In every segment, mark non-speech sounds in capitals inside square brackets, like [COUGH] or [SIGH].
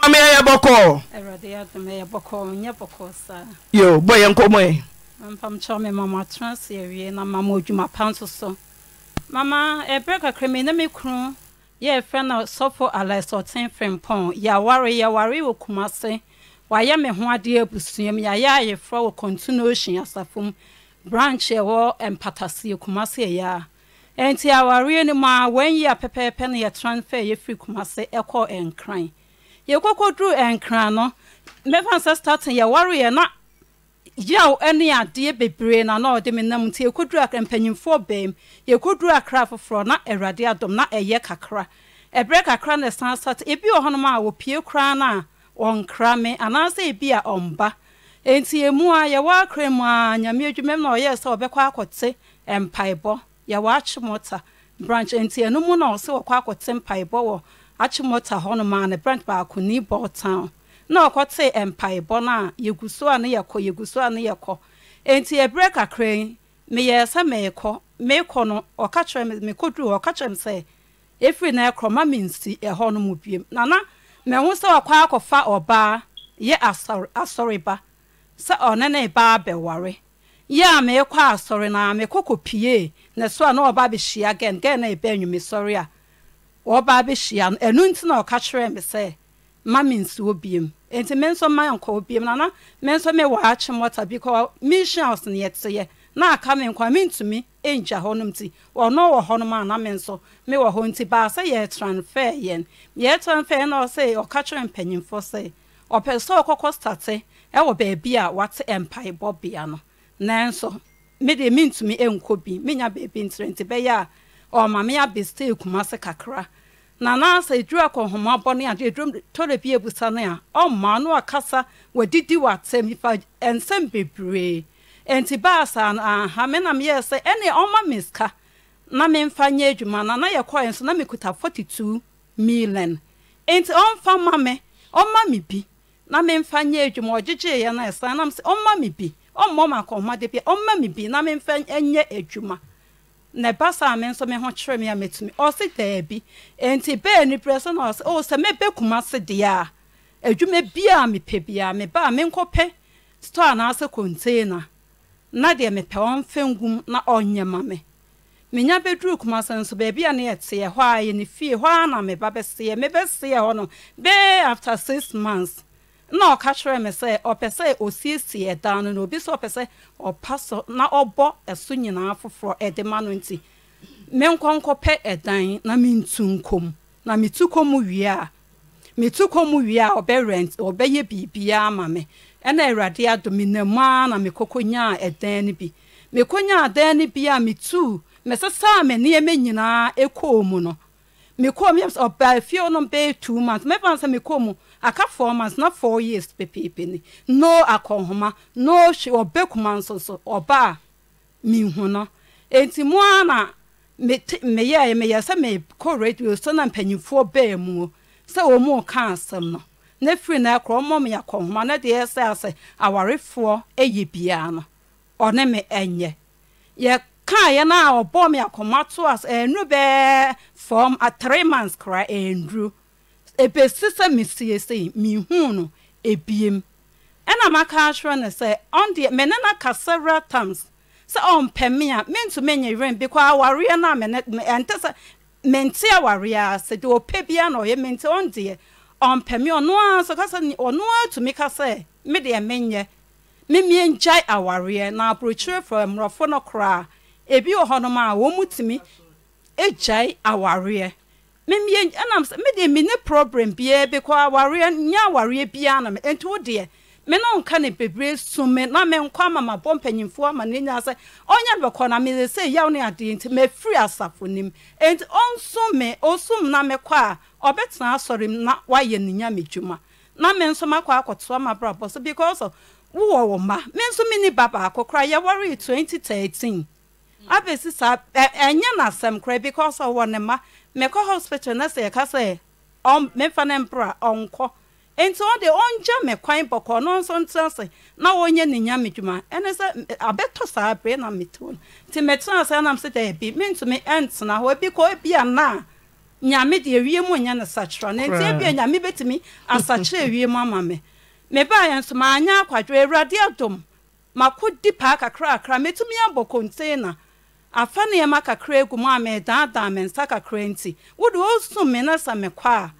maame yɛ bɔkɔ. awurade adum yɛ bɔkɔ nyɛ bɔkɔ saa. yo bɔ yɛn nkɔmɔ yɛ. mpampatwa mi mama atena ase awie na mama odwuma pa nso so mama ɛbrɛ kakra mi na mi kunu yɛ efrɛ na sɔfo alɛsɔten fɛmpɔn yaware yaware wɔ kumase wayɛ mi ho adeɛ abusua mu yayɛ ayɛfrɛ wɔ kɔntun ocean asafo mu branch ɛwɔ mpatasie kumase ɛyɛ a nti awareɛ no mu a wɔn yi a transfer yɛ firi kumase ɛkɔ nkran. yɛkɔkɔduru nkra no mɛfa sɛ startin na yaw ne adeɛ bebree na na ɔde eh, eh, eh, me nam nti yɛkɔduru mpanyimfoɔ baam yɛkɔduru akra foforɔ na awurade adɔm na ɛyɛ kakra ɛberɛ kakra na ɛsan sat ebi wɔ hɔnom a wɔpie koraa no a ɔnkra me anaasɛ ebi a ɔmba enti emu a yɛwɔ akra mu a nyame adwuma mu na ɔyɛɛ sɛ ɔbɛkɔ akɔte mpaebɔ yɛwɔ akye mɔta branch enti ɛno mu na ɔse wɔkɔ akɔte mpaebɔ wɔ achimota honma ne branch baako ne ball town na ɔkɔte mpaebɔ no a yɛgu so a ne yɛkɔ yɛgu so a ne yɛkɔ enti ɛberɛ kakra yi meyɛɛ sɛ meekɔ meekɔ no ɔka kyerɛ me mekɔduru hɔ ɔka kyerɛ me sɛ ɛfiri na ɛkorɔ ma nsi ɛhɔ no mu biam nana mehu sɛ ɔkɔ akɔfa ɔbaa yɛ asɔre ba sɛ ɔne ne baa bɛware yɛ a meekɔ asɔre naa mekɔkɔpiee ne so a na ɔba bɛhyia gɛn gɛn na ɛbɛ anwumesɔre a wɔbaa bɛhyia no ɛno nti na ɔka kyerɛɛ me sɛ ma me nsuo biom enti me nso ma nkɔɔ biom nana me nso mewɔ akyem wɔta bi kɔ mehyia ɔso ne yɛteɛ na aka me nkwa mentumi ngya n'om nti ɔno wɔ hɔnom a na me nso mewɔ hɔ nti baa sɛ yɛtranfɛɛ yɛn yɛtranfɛɛ yɛn na ɔsɛ ɔka kyerɛ mpanyimfoɔ sɛ ɔpɛ sɛ ɔkɔkɔ state ɛwɔ baabi a wate mpaebɔbea no nanso mede ntumi nkɔ bi menya baabi ntirɛ nti bɛyɛ a ɔma me abɛstee kuma se kakra na naasa ɛduru akɔ homabɔne a ɛduru tɔre bi abusa ne a ɔmmaa no akasa wadidi wɔatɛm nipa ɛnsɛm bebree ɛnti baasa aha me na meyɛɛ sɛ ɛne ɔma me sika na nfa nye adwuma na na yɛkɔɛ nso na mekuta 42 million ɛnti ɔmfa ma me ɔma me bi na nfa nye adwuma ɔgyegyeeɛ na ɛsan nam sɛ ɔma me bi ɔmmɔ ma akɔhomade bi ɔma me bi na nfa nye adwuma na ɛba saa mi nso mi. ho kyerɛ me a mɛtumi ɔse daabi nti bɛɛ ni prɛ so na ɔse o oh, sɛ mɛbɛ kuma se deɛ a adwuma biaa mepɛ biaa meba a menkɔpɛ store anaasɛ container na deɛ mepɛ ɔmfɛ ngum na ɔnyɛ ma me menya bɛduru kuma sɛ nso baabi a ne yɛteɛ hɔ a yɛ ne fie hɔ a na meba bɛseɛ mebɛseɛ hɔ no bɛɛ after six months na ɔka kyerɛ me sɛ ɔpɛ sɛ no na obi sɛ ɔpɛ sɛ ɔpa so na ɔbɔ ɛso nyinaa foforɔ ɛde ma no nti menkɔnkɔpɛ ɛdan na mentu nkɔm na metu kɔ mu wie a metu kɔ mu wie a ɔbɛ rent ɔbɛyɛ biribiara ma me ɛna awurade ado menamu ara na mekɔkɔnyaa ɛdan no bi mekɔnyaa ɛdan no bi a metuu mesesaa me nneɛma nyinaa ɛkɔɔ mu no mekɔɔ mu ɔbaa fie no bɛyɛ two months mɛfa sɛ mekɔɔ mu aka formas na four years pepeepe ni no akɔnhoma no hwe ɔbɛ kuma nso so ɔba a minhu no enti mo a na meyɛɛ meyɛ sɛ mekɔ radio so na mpanyimfoɔ bɛɛ muo sɛ wɔ mu ka asɛm no na firi na ɛkorɔ ɔmmɔ me akɔnhoma na deɛ ɛsɛ asɛ awarefoɔ ɛyɛ biara no ɔne me ɛnyɛ yɛ kaeɛ no a ɔbɔɔ me akɔma to as ɛnuru bɛɛ fam three months kora ɛnduru ɛbɛsi sɛ mesie mi mehuu no ebiem ɛna maka sɛ mene ka several times sɛ ɔmpɛ me a mentumi awareɛ no a ɛnte sɛ mente awareɛ ɔpɛ na ɔyɛ mente ɔndeɛ ɔmpɛ me ɔno a so ka ɔno a tumi ka sɛ medeɛ menyɛ memie ngyae awareɛ na aborɔkyerɛfo mmorɔfo no koraa ebi wɔ a wɔn mu tumi awareɛ mede menne problem biaa bikɔ awareɛ nya awareɛ biaa na nti wo deɛ me ne nka ne bebree su me na menkɔ amamabɔ mpanyimfoɔ ama nenya sɛ ɔnyɛ bɛkɔ na mede sɛ yaw ne adeɛ nti mafiri asafo nim enti ɔnso me ɔsum na mekɔ a ɔbɛtena asɔre m na wayɛ ne nya medwuma na me nso makɔ akɔtoa mabrabɔ so because wowɔ wo mma me nso mene ba baako koraa yɛwaree 2013 abɛsi saa ɛnyɛ n'asɛm koraa because ɔwɔ ne mma mekɔ hospital na sɛ yɛka sɛ memfa no mprɛ ɔnkɔ nti ɔde ɔngya me kwan bɔkɔ no nso ntena na wɔnyɛ ne nyame dwuma ɛne sɛ abɛtɔ saa berɛ na meteo no nti metena sɛ nam sɛ da mentumi ɛntena hɔ bi kɔ bi ana a nyame deɛ mu nyɛ no sakyerɛ no nti bia nyame bɛtumi asakyerɛ mu ama me nso maanyɛ awurade adom di paa kakrakra metumi abɔ container afa nneɛma kakra agu mu a medaadaa me nsa kakra nti wode ɔsu me na sa mekɔ a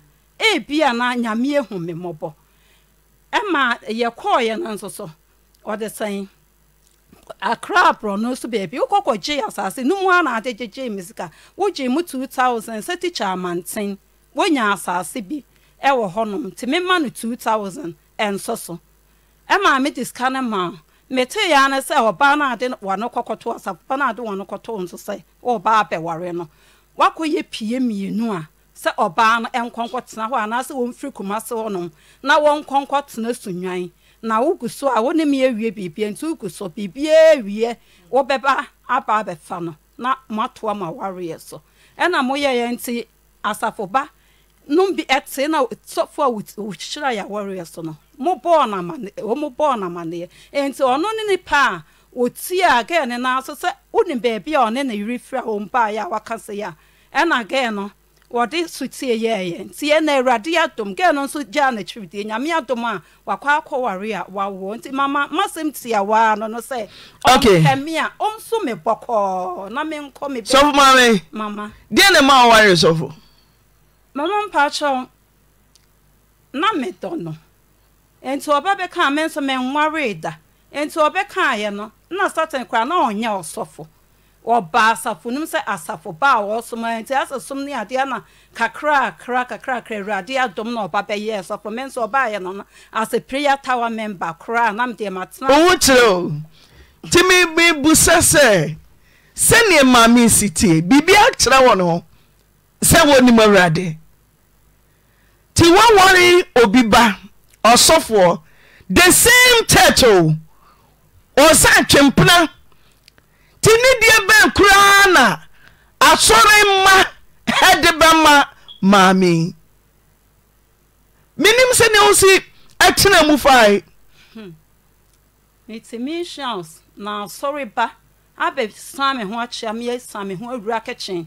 ebia na nyame ehu me mmɔbɔ ɛma yɛkɔɔyɛ no nso so ɔde sɛn akra aborɔno so baabi wokɔkɔgye asase no mu ana ade gyegye me sika wogye mu 2000 sɛ tikya amanten wonya asase bi ɛwɔ hɔnom nti mema no 2000 ɛnsɔ so ɛma mede sika no maa metee ya ne sɛ ɔbaa no ade wane kɔkɔto asafpa no ade wane kɔtoo nso sɛ wɔɔbaa bɛware no woakɔ yɛ pie mmienu a sɛ ɔbaa no ɛnkɔnkɔtena hɔ anaasɛ wɔmfiri kuma se hɔ nom na wɔnkɔnkɔtena sunwan na wogu so a wo ne meɛwie biribi nti wogu so biribiaa wie wobɛba abaa bɛfa no na moatoa ma wareɛ so ɛna moyɛ yɛ nti asafo bi ɛte na sɔfo a wɔhyira yɛ awɔreɛ so no mo bɔɔ na amaneɛ wɔmo bɔɔ na nti ɔno ne ne a ɔti a gɛɛ ne nan so sɛ wonim baabi a ɔne ne yere firi a wɔn baeɛ a waka se yɛ a ɛna gɛɛ no wɔde sotie yɛɛyɛ nti ɛna awurade adom gɛɛ no nso gyaa die, nyame adom a wakɔ akɔware a wawoɔ nti mama masɛm tia waa no no sɛ ɔmpɛme a ɔnso me bɔkɔɔ na menkɔ sɔfo maame mama deɛ ne ma mama mpakyɛw na medɔ no enti ɔbɛbɛkaa me nso menwaree da enti ɔbɛkaeɛ no na satan koraa na ɔnyɛ ɔsɔfo ɔba asafo nom sɛ asafo ba a wɔsoma nti asasom ne adeɛ na kakrakra kakrakra awurade adom na ɔba bɛyɛɛ sɔfo me nso ɔbaayɛ no no asɛ prayer tower member koraa na mdeɛ matena owu kyerɛ o nti mebu sɛ sɛ sɛneɛ maame si tie biribi akyerɛ wɔ no ho sɛ wɔnim awurade nti woawɔre obi ba ɔsɔfoɔ the same churchoo ɔ sa twempena nti ne deɛ bɛn koraa na asɔre ma ɛde bɛma maame menim sɛne wo si atena mu fae mete missions na asɔre ba abɛsan me ho akyea meyɛ san me ho awura kɛkyɛn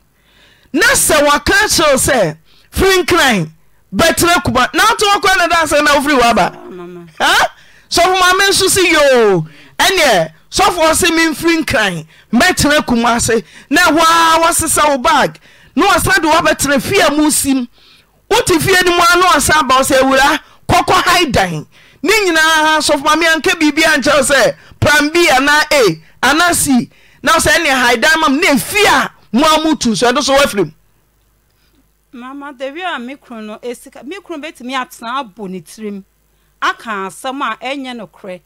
na sɛ wɔaka kyerɛw sɛ firi nkran bɛtera kuma na woto wɔkɔ ne daasɛ na wofiri wɔaba ah? sɔfo ma me nso se yoo ɛneɛ sɔfoɔ se memfiri nkran mɛtera kuma ase na ɛhɔ a wɔsesa wo bag na wɔsa de wɔabɛtera fie a mu sim wote fie no mu a na wɔsa aba wo sɛ awura kɔkɔ haidan ne nyinaa sɔfo ma me anka biribia nkyerɛw sɛ plan b anaa a anaa c na wo sɛ ɛneɛ haidan mam na ɛfie a mo a tu so ɛno so woafiri m mama dawi a me no sika me kro bɛtumi atena abɔ tirim aka asam a ɛnyɛ nokorɛ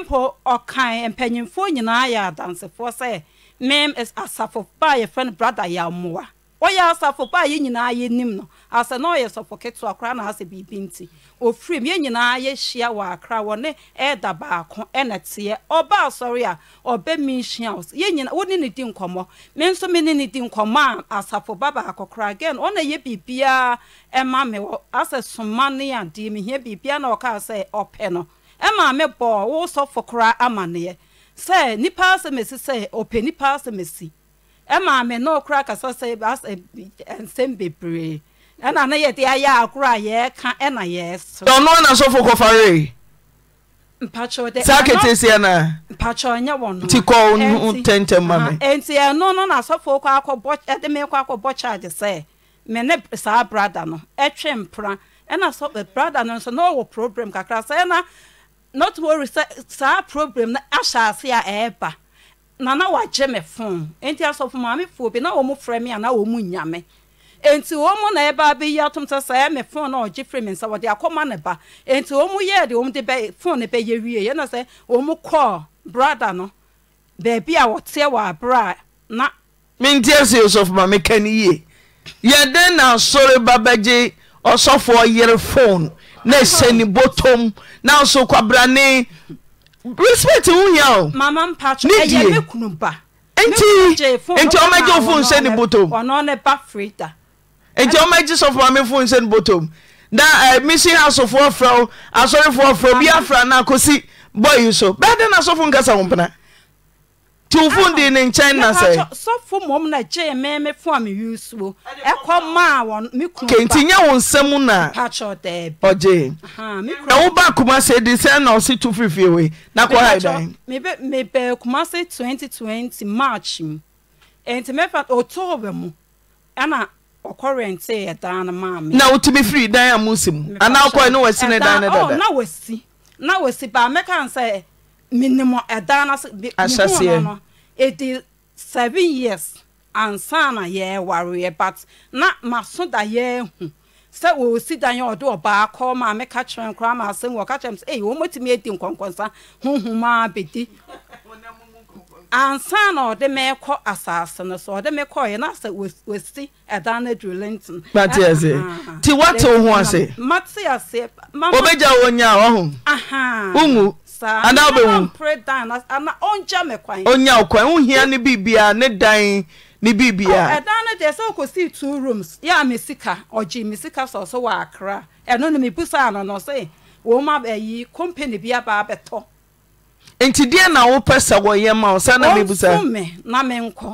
mpo ɔkan mpanyimfoɔ nyinaa yɛ adansefoɔ sɛ me asafo baa a yɛfrɛ no brada ya amoa onye asafo baa a nyinaa nyinaa n'im no asɛ na ɔyɛ sɔfo ketewa koraa na asɛ biribi nti ofiri mu yɛn nyinaa yɛhyia wɔ akra wɔ ne e baako ɛna e teɛ ɔba asɔre a ɔbɛ mi nhyia wɔ so yɛn nyinaa wɔne ne di nkɔmɔ me nso me ne ne di nkɔmɔ a asafo e, ba baako koraa again ɔna yɛ biribiara ɛma mi wɔ asɛ soma ne adeɛ mi hia na ɔka asɛ ɔpɛ no ɛma mi bɔ wɔsɔfo koraa amaneɛ sɛ nipa sɛ ɔpɛ nipa ɛma mi na ɔkora sɛ asɛ bebree. ɛna ne yɛde ayɛ akoro a ka ɛna yɛ so ɔno anasɔfo kɔfaree saa ketesiɛ noa nti kɔwo tɛntɛm ma na enti ɛno no nasɔfo kɔ sɛ ne saa brada no ɛtwe mpra ɛna brada no nso na ɔwɔ problem kakra sɛ ɛna not worry saa problem ahyɛ ase a ɛɛba na na wagye me asɔfo maame bi na mu na mu nti wɔn mu na ɛba abɛyi atom sɛ sɛ ɛmɛ fon na ɔgye firi mi nsa wɔde akɔma ne ba nti wɔn mu yɛ de wɔn de bɛ fon ne bɛyɛ wie yɛn na sɛ wɔn mu kɔɔ brada no beebi a wɔteɛ wɔ abera na. mintie si osofo maame kani yie yɛde na asɔre ba bɛgye ɔsɔfoɔ yere fon na ɛsɛ ne na nso kwabra ne respect wo hia o. mama mpatso ɛyɛ eh, mekunu ba. nti nti ɔmɛgye ofun sɛ ne bɔtɔm. ɔno ne ba firi da nti ɔmagye sɔfo mamefo nsɛ no botɔm na mesin asofoɔ frɛ asɔrefoɔ frɛ obi afra no akɔsi bɔyi so bɛɛ dɛn na sɔfo nkasa wo mpena nti wo fon de ne na sɛ sɔfo mmom na gye me me fo a meyi suo ɛkɔ maa wɔ me kunu ba kenti nyɛ wo na ɔgye na woba kuma sɛ de sɛ na ɔse to firifie wei na kɔ ha dan mebɛ kuma twenty 2020 march mu ɛnti mɛfa ɔtɔɔbɛ mu ɛna na wotumi firi dan a musi mu anaa wokɔe ne wasi ne dan ne dada seven years ansa na yɛwareɛ but na maso da sɛ wɔsi dan yɛ ɔde ɔbaa kɔ kyerɛ nkora kyerɛ m sɛ wɔmɔtumi adi nkɔnkɔnsa bɛdi ansa na ɔde mɛkɔ asase no so ɔde mɛkɔ yɛ n'asɛ wasi ɛdan no aduru linton. mate ase ti wate wo ho ase. mate ase. obegya wo nya ɔho. ungu ana obɛwu. ana ɔngya mɛ kwan. onya o kwan ohia ne bibia ne dan ne bibia. ɛdan no deɛ sɛ ɔkɔsi two rooms yɛ a mesika ɔgye mesika sɔsɔ wɔ akra ɛno no mebusa ano no sɛ wɔn ma ɛyi company bi aba abɛtɔ. nti deɛ na wopɛ sɛ wɔyɛ ma wo sa na mebusame na menkɔ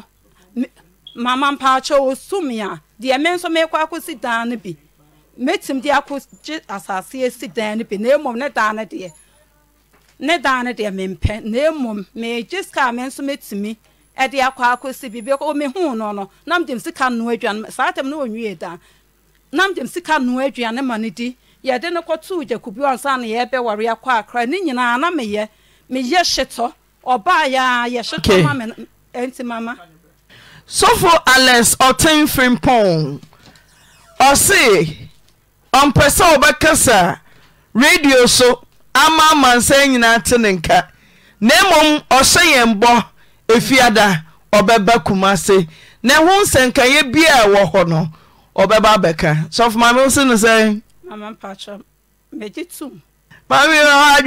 mama mpaakyɛ ɔsu me a deɛ me nso mekɔ akɔsi dan no bi mɛtim de akɔgye asase asi dan no bi na mmom ne dan no deɛ ne dan no deɛ mempɛ na mmom megye sika a me nso mɛtumi ɛde akɔ akɔsi bi bɛkɔ mehu no no na mede m sika nnoa aduane saa tɛm ne ɔnwie dan na mede m sika nnoa aduane ma no di yɛde no kɔtoo gyakubi ɔnsa na yɛbɛware akɔ akra ne nyinaa na meyɛ meyɛ hyetɔ ɔbaa yɛa yɛhyetɔ ma me ɛnti mama sɔfo alex ɔten frimpɔn ɔse ɔmpɛ sɛ wɔbɛkasa radio so ama amansan nyinaa te ne nka na mmom ɔhyɛ yɛn bɔ efiada ɔbɛba kuma se na ho nsɛnkanyɛ bi a ɛwɔ hɔ no ɔbɛba abɛka sɔfo maame wo se no sɛ mama mpakyɛ megye tum. maha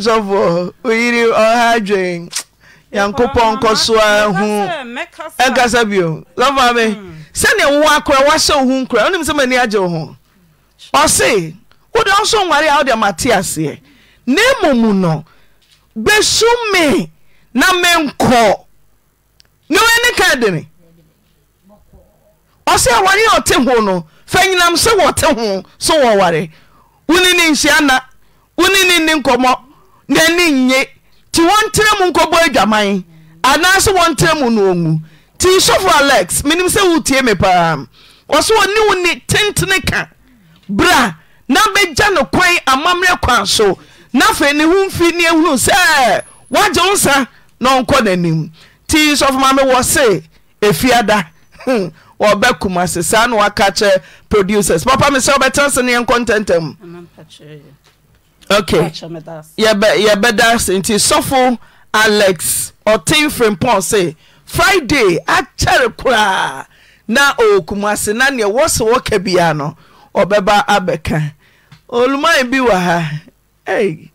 sf yr ɔha nyankopɔn kɔ soa h ɛkasa bam sɛne wowɔa kora woahyɛ wohu kora onem sɛmani agyewo ho ɔse wode ɔso wareɛ a wodea matiaseɛ na mɔmu no besu me na menkɔ ne wane ka dene ɔsea wayeɛ ɔte ho no fa nyinam sɛ wɔte ho so wɔware wone ne nhyia na wone ne nne nkɔmmɔ naani nye nti wɔnterɛ mu nkɔbɔ adwaman anaasɛ wɔnterɛ mu no ɔwu nti sɔfo alex menim sɛ wotie me paa ɔ so ɔne wo ne tentene ka bera na bɛgya no kwan amammerɛ kwan so na afei ne ho mfi ne ahunu sɛ woagye wo nsa na ɔnkɔ n'anim nti sɔfo ma mewɔ se ɛfiada ɔbɛ kumase saa na waka kyɛ producers papa me sɛ wobɛtena se ne yɛnkɔ ntɛntɛm ok yɛbɛda ase nti sɔfo alex ɔten frimpɔn se friday akyɛre koraa na ɔwɔ kumase na neɛ wɔse wɔka biaa no ɔbɛba abɛka oluman bi wɔ ha ɛhu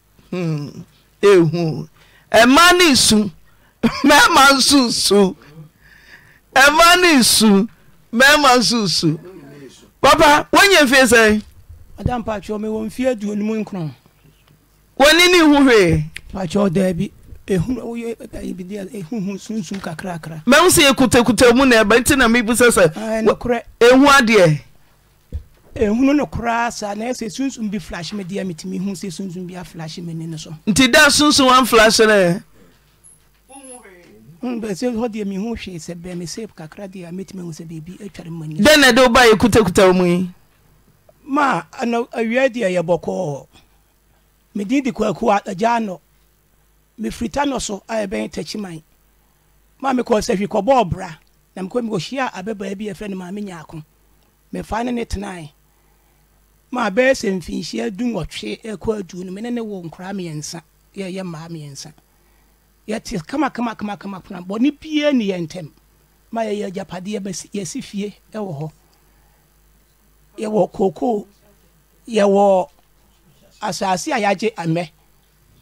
hmm, ɛma ne nsu [LAUGHS] mɛma nso nsu ɛma ne nsu bɛrima nsusu papa wonya mfie sɛn madam pakyɛ mewɔ mfie aduonu mu nkron wɔne ne ho hwee pakyɛ daabi sunsun kakrakra mɛhu sɛ yɛkutakuta mu na ɛba nti na mebu sɛ sɛ ɛhu adeɛ ehunu no koraa sa na ɛsɛ sunsun bi flash me deɛ metumi hu sɛ sunsun bi aflash m'ani no so nti da sunsun wan flash no sɛ hɔ deɛ mehu hwee sɛ bɛ me save kakra deɛ mɛtumi hu sɛ biribi atware ma ni dɛn na ɛde woba yɛ kutakuta wo yi ma ana awia deɛ yɛ bɔkɔɔ medin de kwaku agya anɔ mefiri ta nɔ so a ɛbɛyɛ takyiman ma mekɔɔ sɛ hwi kɔbɔɔ bra na mekɔ mekɔhyia abɛbaa bi yɛfrɛ no maame nyaako mefa ne ne tenae ma bɛyɛ sɛ mfinhyia du ɛkɔ adu no mene ne wo nkoraa mmiɛnsa yɛyɛ mmaa mmiɛnsa yɛte kama kama kama kama kama bɔne pie ne yɛ ntɛm ma yɛyɛ agyapadeɛ yɛsi fie ɛwɔ hɔ yɛwɔ kookoo yɛwɔ asase a yɛagye amɛ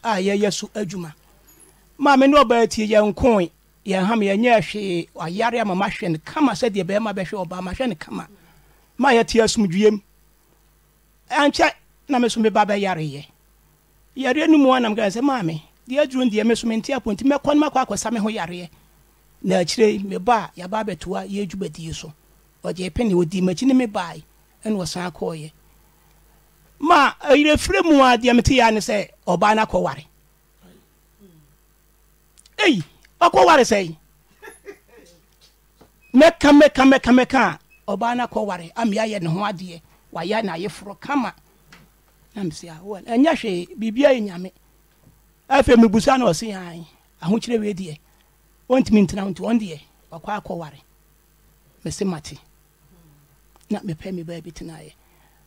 a yɛyɛ so adwuma maame ne ɔbaa tie yɛn nkoe yɛn ham yɛnyɛ hwee ayare ama ma hwɛ no kama sɛdeɛ bɛrima bɛhwɛ ɔbaa ma hwɛ no kama ma yɛte asomdwuem ɛnkyɛ na me so ba bɛyareyɛ yareɛ no mu anam ka sɛ maame deɛ aduru deɛ me so menti aponti mɛkɔ no makɔ akɔsa me ho yareɛ na akyire meba a yɛaba abɛtoa yɛdwu badie so ɔgye pene ɔdi makyi ne me bae ɛne ɔsan kɔɔyɛ ma ayerɛfirɛ eh, mu a deɛ mete yɛ ne sɛ ɔbaa no akɔware ei ɔkɔware sɛi mɛka mɛka mɛka mɛka a ɔbaa no akɔware ameayɛ ne ho adeɛ wayɛ n'ayeforɔ kama na mesɛ ɛnyɛ hwee biribia yɛ nyame afei mebusa na ɔse han ahokyerɛ wei deɛ ɔntumi ntena nti ɔn deɛ ɔkɔ akɔware mese mate na mepɛ me baa bi tenaeɛ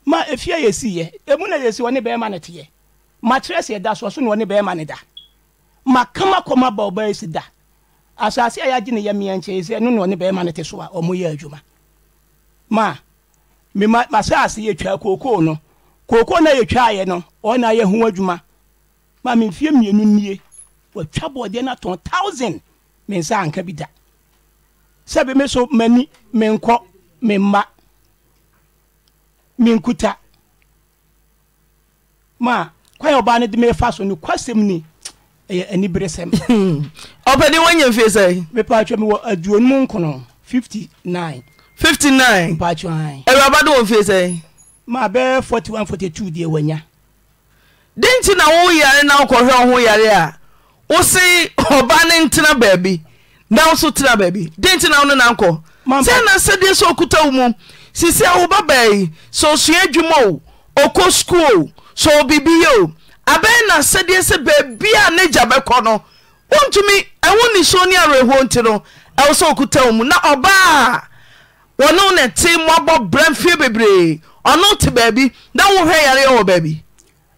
ma efie yɛsiiɛ emu na yɛsi ɔne bɛrima no teɛ makyerɛ sɛ ɛda so ɔso na ɔne bɛrima no da makama kɔma ba ɔbaa si da asase a yɛagye ne yɛ mmea nkyɛn sɛ ɛno na ɔne bɛrima no te so a ɔmoyɛ adwuma ma mema masase yɛtwa kookoo no kookoo na yɛtwaeɛ no ɔna yɛ ho adwuma maame mfie mmienu nie watwa bɔɔdeɛ no atɔn thousand me nsa anka bi da sɛbe me so m'ani menkɔ memma menkuta ma kwan ɔbaa no de mefa so no kwasɛm ni ɛyɛ anibere sɛm [LAUGHS] ɔpɛde woanya mfie sɛ mepaatwa mewɔ aduonum nkono 59 59 mpaatwa awuraba de wɔ mfie sɛ ma bɛɛ 41 42 deɛ wanya dɛn nti na wo yare na wokɔhwɛ wo ho yare a wo se ɔba ne ntena baabi na wo so tena baabi dɛn nti na wo ne nankɔ sɛ na sɛdeɛ sɛ okuta wo mu sisi a wo ba baayi sɛ osua adwuma o ɔkɔ sukuu o sɛ obibi yɛ o abɛn na sɛdeɛ sɛ baabi a ne gya bɛkɔ no wontumi ɛwo nisuo ne awerɛhoɔ nti no ɛwo sɛ okuta wo mu na ɔbaa wɔne wo ne te mmɔbɔ brɛ mfie bebree ɔno te baabi na wohwɛ yare wɔ baabi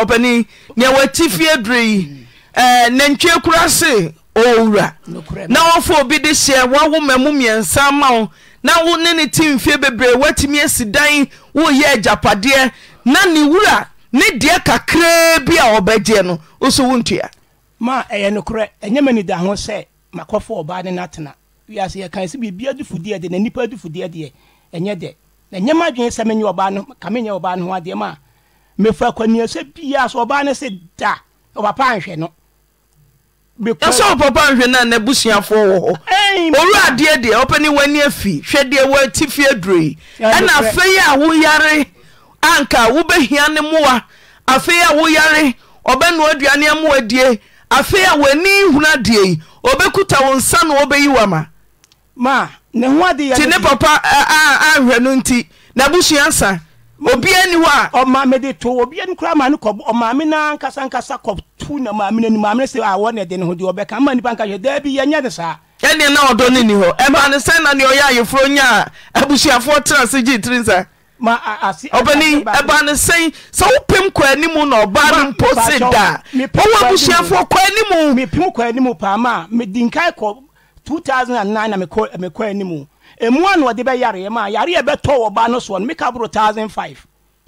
ɔpani nea wɔatifie durɛ yi eh, nantwie se na wɔfa obi de hyɛ mmiɛnsa ma na wo ne ne timfie bebree woatumi esi dan woeyɛ agyapadeɛ na ne wura ne deɛ kakraa bi a ɔbɛgyeɛ no woso wontua ma ɛyɛ ho sɛ makɔfo ɔbaa ne sɛ deɛ na deɛ ɛnyɛ dɛ na adwene sɛ ɔbaa no ɔbaa no ho adeɛ mefa kwania sɛ bia so ɔbaa ne se da ɔpapa nhwɛ no ɛsɛ ɔpapa nhwɛ no a n'abusuafoɔ wɔ hɔ ɔwuradeɛ deɛ ɔpɛni w'ani afi hwɛ deɛ wɔati fi aduroi ɛna afei a woyare anka wobɛhia ne mmoa afei a woyare ɔbɛnoa aduane amoa die afei a w'ani huna deei ɔbɛkuta wo nsa na wɔbɛyi wa ma ma ne ho adeɛ ti ne papa anhwɛ no nti n'abusua nsa obianihedetamnasas eabiyɛnesaa nena ɔdɔneni h bane sɛn na neɔyɛ ayeforɔ nyaa abusafoɔ trase gye trinsa banesɛ sɛ wopem kwanimu na ɔbano mposeda ow abusafoɔ kwanimuanmu p k 200amekanimu muanoɔde bɛyaremayaeɛbɛtɔɔba n a05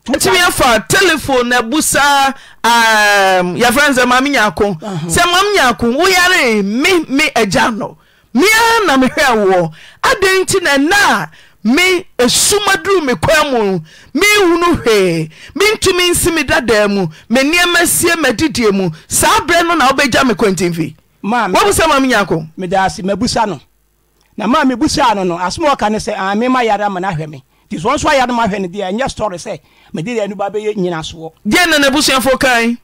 ntimi afa telefone na abusa yafra nsɛ mamenyako sɛ mamenyako wo yaree meme agya no me ana mehwɛwoɔ adɛn nti na naa me asumaduru mekwa mu mewunu hwɛe mentumi nsi me dadaa mu mennoɔma sie madidiɛ mu saa berɛ no na wobɛgya mekwatifiwb sa mamnyako na maa mi busa ano no asoma ɔka ne sɛ ame ah, ma yare ama na ahwɛ me nti sɛ ɔnso ayare ma ahwɛ ne deɛ ɛnyɛ story sɛ mede deɛ anuba bɛyɛ nyina soɔ deɛ na n'abusuafoɔ kan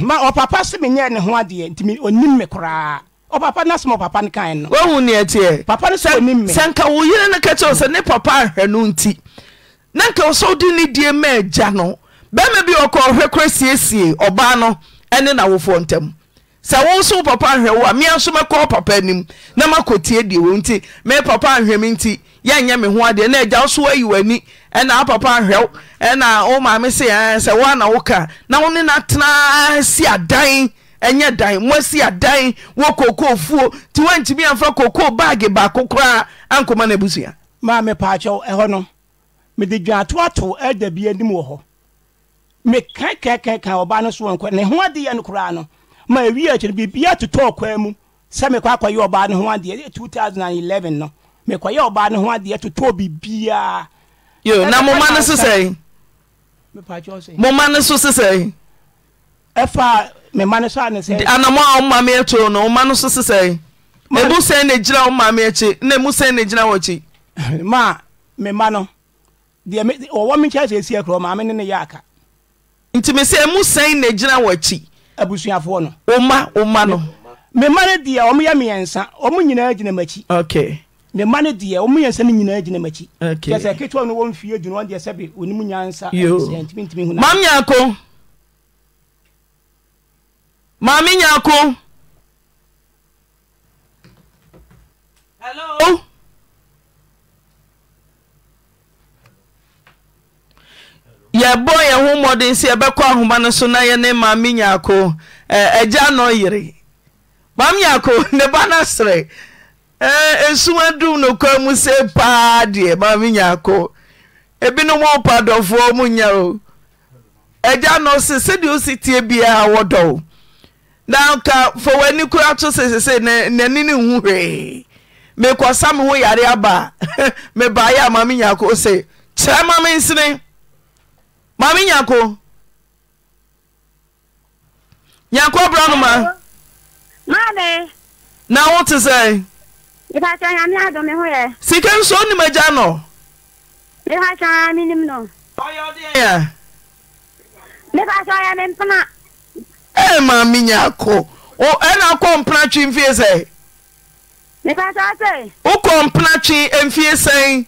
ma ɔpapa se menyɛ ne ho adeɛ nti ɔnim me koraa ɔpapa no asɛm ɔpapa no kan no woahu neɛ teɛ papa no sɛ ɔnim me sɛ nka wo yere no ka kyerɛw sɛ ne papa ahwɛ no nti na nka wo sɛ wode ne die ma agya no bɛrima bi ɔkɔ ɔhwɛ kora siesie ɔbaa no ɛne n'awofoɔ ntam sɛ wo so papa ahwɛ wo a mea nso mɛkɔ papa anim na makɔtie deɛ wɔ nti me papa ahwɛ me nti yɛnyɛ me ho adeɛ na agya so w'ani ɛna ɛna wo maame sɛ wo ana woka na wo ne natenaa si adan ɛnyɛ dan moasi adan wo nti woantumi amfa kokoo baage baako koraa no abusua ɛhɔ no mede dwaatoato bi anim wɔ hɔ ɔba no so wɔnkɔ ne ho no koraa ma wi kino birbia totɔɔ kɔaa mu sɛ mek ɔbrbianmon sesɛ moma no so sesɛnamoa ɔma me ato no moma no so sesɛmu sa na ina mamki msintimsɛ mu sa naina wki abusuafoɔ no. o ma o ma no. mɛ ma ne deɛ wɔn yɛ mmiɛnsa wɔn nyinaa gyina m'akyi. okay. ne ma ne deɛ wɔn yɛnsa ne nyinaa gyina m'akyi. okay kyɛ sɛ ketewa no wɔn fie dunu wɔn deɛ sɛbi onim nyansa. yoo maame nyako maame nyako. hello. Oh. yɛbɔ yɛn ho mmɔden sɛ yɛbɛkɔ ahoma no so na yɛne maame nyaako agya na ɔyere maame nyaako [LAUGHS] ne ba no serɛ nsuma dum no kwa mu se paa deɛ maame nyaako ebinom ɔpa dɔfoɔ mu nya o agya na ɔse sɛdeɛ ɔsi tie biara wɔdɔ o na nka fɔ w'ani kura to sesese ne n'ani ne ho hwee mekɔsa me ho yare aba [LAUGHS] mebaeɛ a maame nyaako se kyerɛ maame nsene ma me nyako nyako bera no ma na wote sɛ sike m so onim agya nɔa ɛ maa me nyako ɛna akɔɔ mpena twe mfie sɛ wokɔ mpena twe amfie san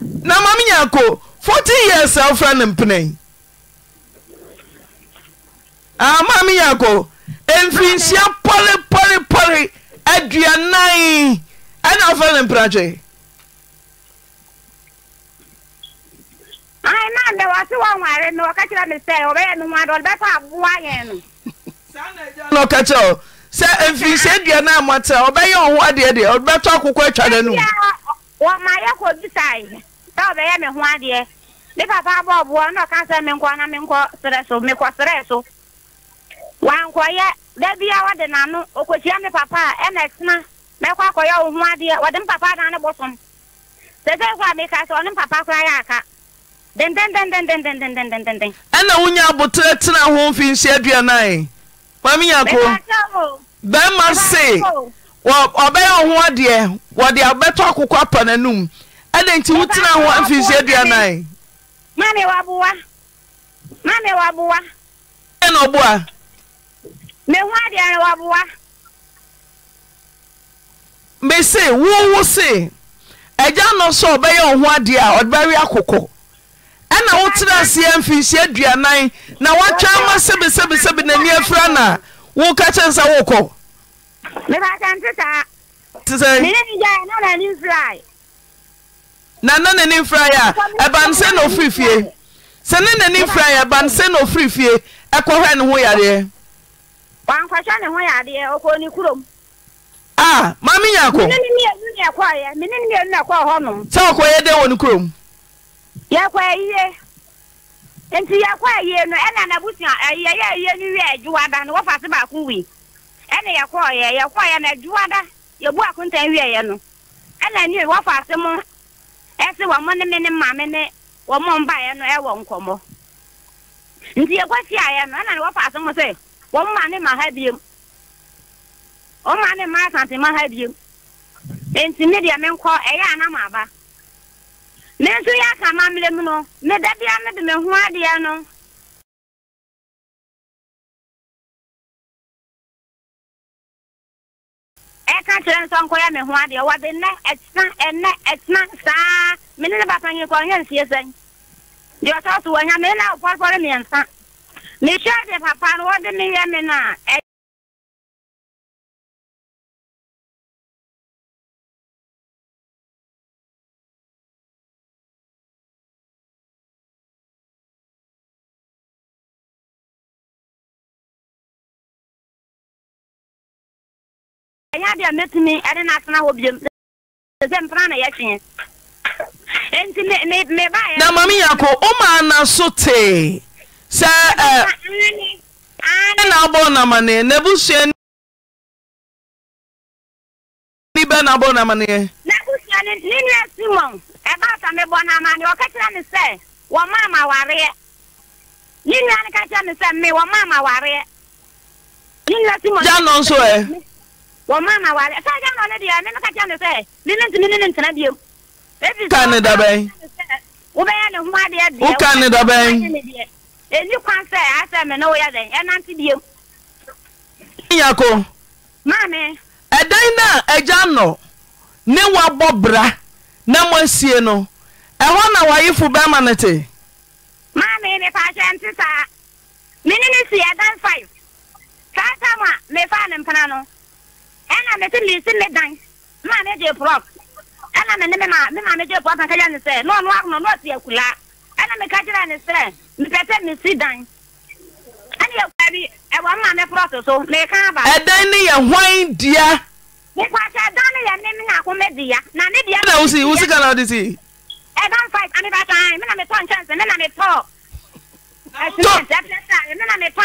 na mamenya ko fourteen years awofra no mpena amamenya ah, ko mfirinhyia pɔrepɔrepɔre aduanan ɛna awofra no mpratwe na da wase wɔware no ɔka kyerɛ me sɛ ɔbɛyɛ no ho ade ɔdebɛfa aboa yɛn no na ɔka kyerɛ sɛ mfirinhyia aduanan a moatera ɔbɛyɛ ɔho adeɛ deɛ ɔdebɛtɔ akokɔ atwa da no wọ́n máa yẹ kó bí sáà yìí sáà ọ̀bẹ yẹ mi hu papa abụọ wọn náà ká sẹ́ mi nkọ́ náà mi nkọ́ sẹ́rẹ̀ so mi kọ́ sẹ́rẹ̀ so wọ́n nkọ́ ya dẹ́bi papa a ẹ̀tena mẹ́kọ́ akọ̀yẹ hu adìẹ wọ́n di mi papa ka sọ ọ́ ní ɔbɛyɛ ohoɔ deɛ wɔde abɛtɔ akokɔ apa n'anom ɛdɛn nti wotena ho mfiinsie aduana na ɔboa mese wowo se agya no sɛ ɔbɛyɛ oho adeɛ a ɔde bɛwe akokɔ ɛna wotena aseɛ mfiinhyia aduanan na woatwa ama sɛbesɛbesɛbi n'ani afira na wo ka kyɛne wokɔ na na n'anim fry a na ofiri fie eh, sɛ ne n'anim fry a ɛban sɛ na ofiri fie ɛkɔhwɛ ne ho yareɛ. wankɔhwɛ ne ho yareɛ ɔkɔ ne kurom. a maame nya akɔ. mene ne mmienu na ɛkɔɔ yɛ mene ne mmienu na ɛkɔɔ hɔ nom. sɛ ɔkɔ yɛ dɛ wɔ ne kurom. yɛkɔ yie nti yɛkɔ yie no ɛna n'abusua ɛyɛ yɛ yie no wie adwuma da no wɔfa se ɛna yɛkɔɔyɛ yɛkɔɔyɛ na adwuada yɛbu akontan wieɛ no ɛna ne wɔfa ase mu ɛse e wɔ mo ne me ne maame ne wɔ mo mbaeɛ no ɛwɔ e nkɔmmɔ nti yɛkɔhyiaeɛ no ɛna ne wɔfa ase mu sɛ wɔn ma ne ma ha biem wɔn ma ne ma asante ma ha biem nti ne deɛ me nkɔ ɛyɛ e anam aba me nso yɛ aka ma mmerɛ mu no me da bia me de me ho adeɛ no ɛka kyerɛ nsɔ nkɔyɛ me ho adeɛ wɔde nnɛ ɛtena ɛnnɛ ɛtena saa me ne ne bapanyi kɔ nyɛ nsie sɛn deɛ ɔtɔ so wɔnya me na wɔpɔrepɔre mmiɛnsa mehyɛ de papa no wɔde meyɛ me no a ɛyɛ adeɛ mɛtumi ɛde no atena hɔ biom sɛ mpena na yɛtwee enti mebaɛ na mame yako woma na so tee sɛ ɛna eh, abɔ namaneɛ na ni bɛ na abɔ namaneɛ n'abusua ne ne nua simon ɛba ata mebɔ nso ɛ wɔn mu ama wale ɛsɛ ɛgya na ɔne deɛ ne no ka kyɛn no sɛ ne ne ntumi ne ne ntena biem. ka ne dabɛn. wobɛyɛ ne ho adeɛ deɛ. woka ne dabɛn. ɛni kwan sɛ asɛ me na woyɛ ya ɛnante biem. nyako. maame. ɛdan na ɛgya dị. ne wabɔ bra na mo asie no ɛhɔ na wayefo bɛrima no te. maame mepa ahyɛ nte saa mene ne si ɛdan five saa tam a mefa ne mpena ɛna mete mesi me dan ma megye prɔf ɛna mene ne ma megye prɔf anka ne sɛ na ɔno akono na ɛna meka kyerɛ ne sɛ mepɛ sɛ mesi dan ɛne yɛkura bi ɛwɔ mma me prɔf so meka aba ɛdan ne yɛ hwan dua mekwasɛ ɛdan ne yɛ me me na akome na ne dea na si ɛdan na metɔ nkyɛnse na metɔ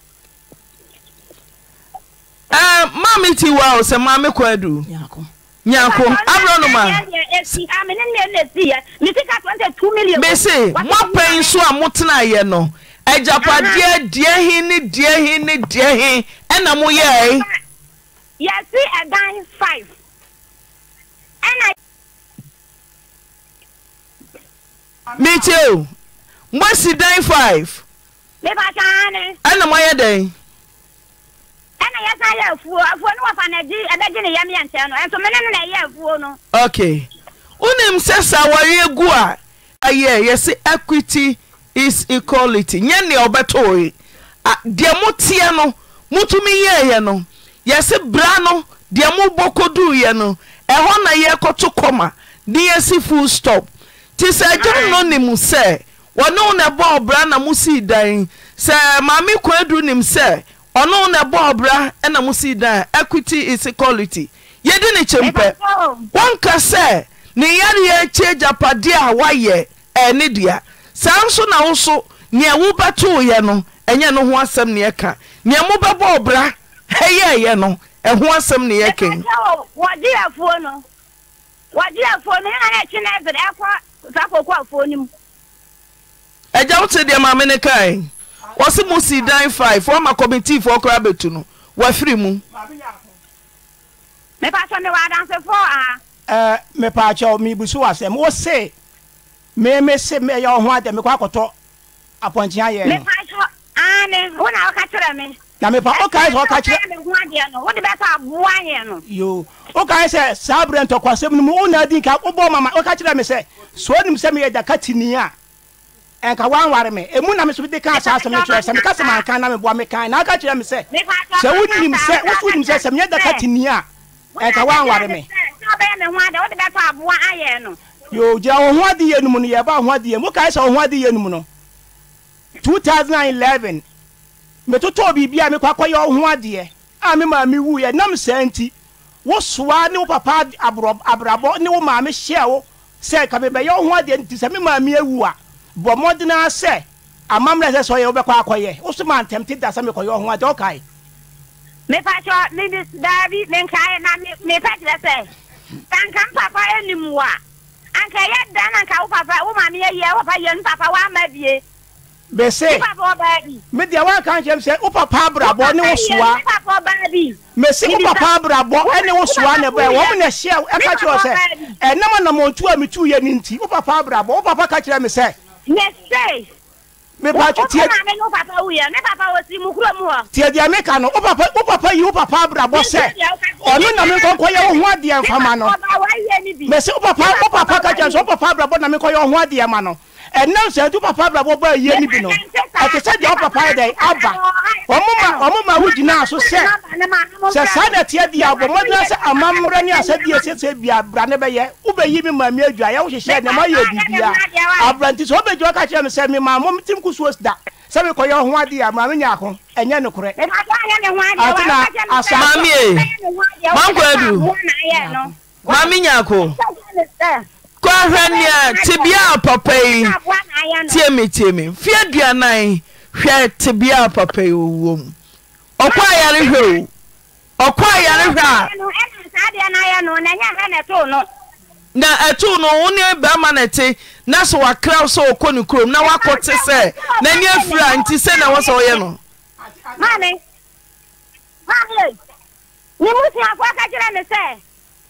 maame ti wa o sɛ maame kɔ adu nyako abrɔ no ma mese moapɛn so a motenaeɛ no agyapadeɛ deɛ he ne deɛ he ne deɛ he ɛna moyɛe meteo moasi dan 5 ɛna moayɛ dɛn wonim sɛ sa wɔre gu a ɛyɛ yɛse equity s equality nyɛ nea ɔbɛtɔore deɛ moteɛ no motumi yɛeeɛ no yɛse bera no deɛ mobɔ koduuiɛ no ɛhɔ na yɛrkɔto kɔma ne yɛasi food stop nti sɛ gyan no ne mu sɛ wɔne o no ɛbɔɔ bra na mosii dan sɛ maame ko aduru nim sɛ ɔno na ɛbɔ ɔbra na a equity is equality yɛdi ne kyɛmpɛ wonka sɛ ne yareɛ akyi agyapadeɛ a woayɛ ɛne saa nso na wo so nea wobɛtooeɛ no ɛnyɛ no ho asɛm ne na nea mobɛbɔ ɔbra ɛyɛɛyɛ no ɛho asɛm ne yɛ kan agya wɔsi mu si dan five wɔn ma kɔmitii fɔ ɔkora betu no wɔafiri mu. mepatwɛ mi wɔ adansefo a. ɛɛ eh, mepatwɛ mi busu wasɛm wose meme se meyɛ ɔho adɛ mekɔ akɔtɔ apɔnkyen ayɛ no. mepatwɛ aane wo na ɔka kyerɛ me. na mepa ɔka yɛ sɛ ɔka kyerɛ. wode bɛtɔ aboa yɛ no. yoo ɔka yɛ sɛ saa abirɛ ntɔkwa sɛm no mu ɔna adi nka ɔbɔ mama ɔka kyerɛ mi sɛ so onim sɛ meyɛ gyaka tinii a nka wanware me emu na me so bi de kan saa asɛm no kyerɛ sɛ meka sɛ mankan na meboa me kan na aka kyerɛ me sɛ sɛ wonim sɛ wo so wonim sɛ sɛ menyɛ daka te ni a nka wanware me yo gyina wo ho ade yɛ num no yɛba wo ho ade yɛ mu wokae sɛ wo ho yɛ num no 2011 metoto biribi a mekɔ akɔyɛ wo ho adeɛ a me maame wuiɛ nam saa nti wo soa ne wo papa abrabɔ ne wo maame hyɛ wo sɛ ka mebɛyɛ wo ho adeɛ nti sɛ me maame awu a bɔ mmɔden asɛ amammerɛ sɛ sɛ ɔyɛ wobɛkɔ akɔyɛ woso ma ntɛm te da sɛ mekɔyɛ ɔho agya ɔkae mepatwɔ mede daabi menkae na mepɛ kyerɛ sɛ anka mpapa anim wo a anka ɛyɛ da na anka wo papa wo maame yɛyɛ wo papa oh, yɛ no eh, oh, papa woama bie bese medeɛ woaka nkyɛm sɛ wo papa abrabɔ ne wo soa mese wo papa abrabɔ ne wo soa ne bɛ wɔm na ɛhyɛ ɛka kyerɛ sɛ ɛnam anamɔntu a metuyɛ no nti wo papa abrabɔ wo papa ka kyerɛ me sɛ yɛse mepa tie tie deɛ meka no wo papa wo papa yi wo papa abrabɔ sɛ ɔno na menkɔ nkɔyɛ wo ho adeɛ mfama no mɛsɛ wo papa wo papa ka kyɛ sɛ wo papa abrabɔ na menkɔyɛ wo ho adeɛ dia mano ɛnam sɛ ɛdu papa abrabɔ bɔ ayie ni bi no ɛte sɛ deɛ ɔpapa yɛ dɛ aba ɔmo ma ɔmo ma wogyina so sɛ sɛ saa na teɛ bi a bɔ mɔdena sɛ amammerɛ ne asɛdeɛ siesie bi abra ne bɛyɛ wobɛyi me maame adwa yɛwo hyehyɛ ne ma yɛ biribia abranti sɛ wobɛgya ɔka kyerɛ mi sɛ me maa mom tim kusuo da sɛ mekɔyɛ ho adeɛ a maame nya ako ɛnyɛ nokorɛ ate na asa maame e mankɔ adu maame nya ako kɔahwɛ nea tebea papa yi tiemitiemi fie duanan hwɛ tebea papa yi ɔwuo mu ɔkɔ a hwɛ o ɔkɔ a hwɛ a na ɛtoo no wo ne no te na so wakraw sɛ ɔkɔ ne kurom na woakɔ te sɛ n'ani afiri a nti sɛ na wɔ sɛ woyɛ no ne ka kyerɛ sɛ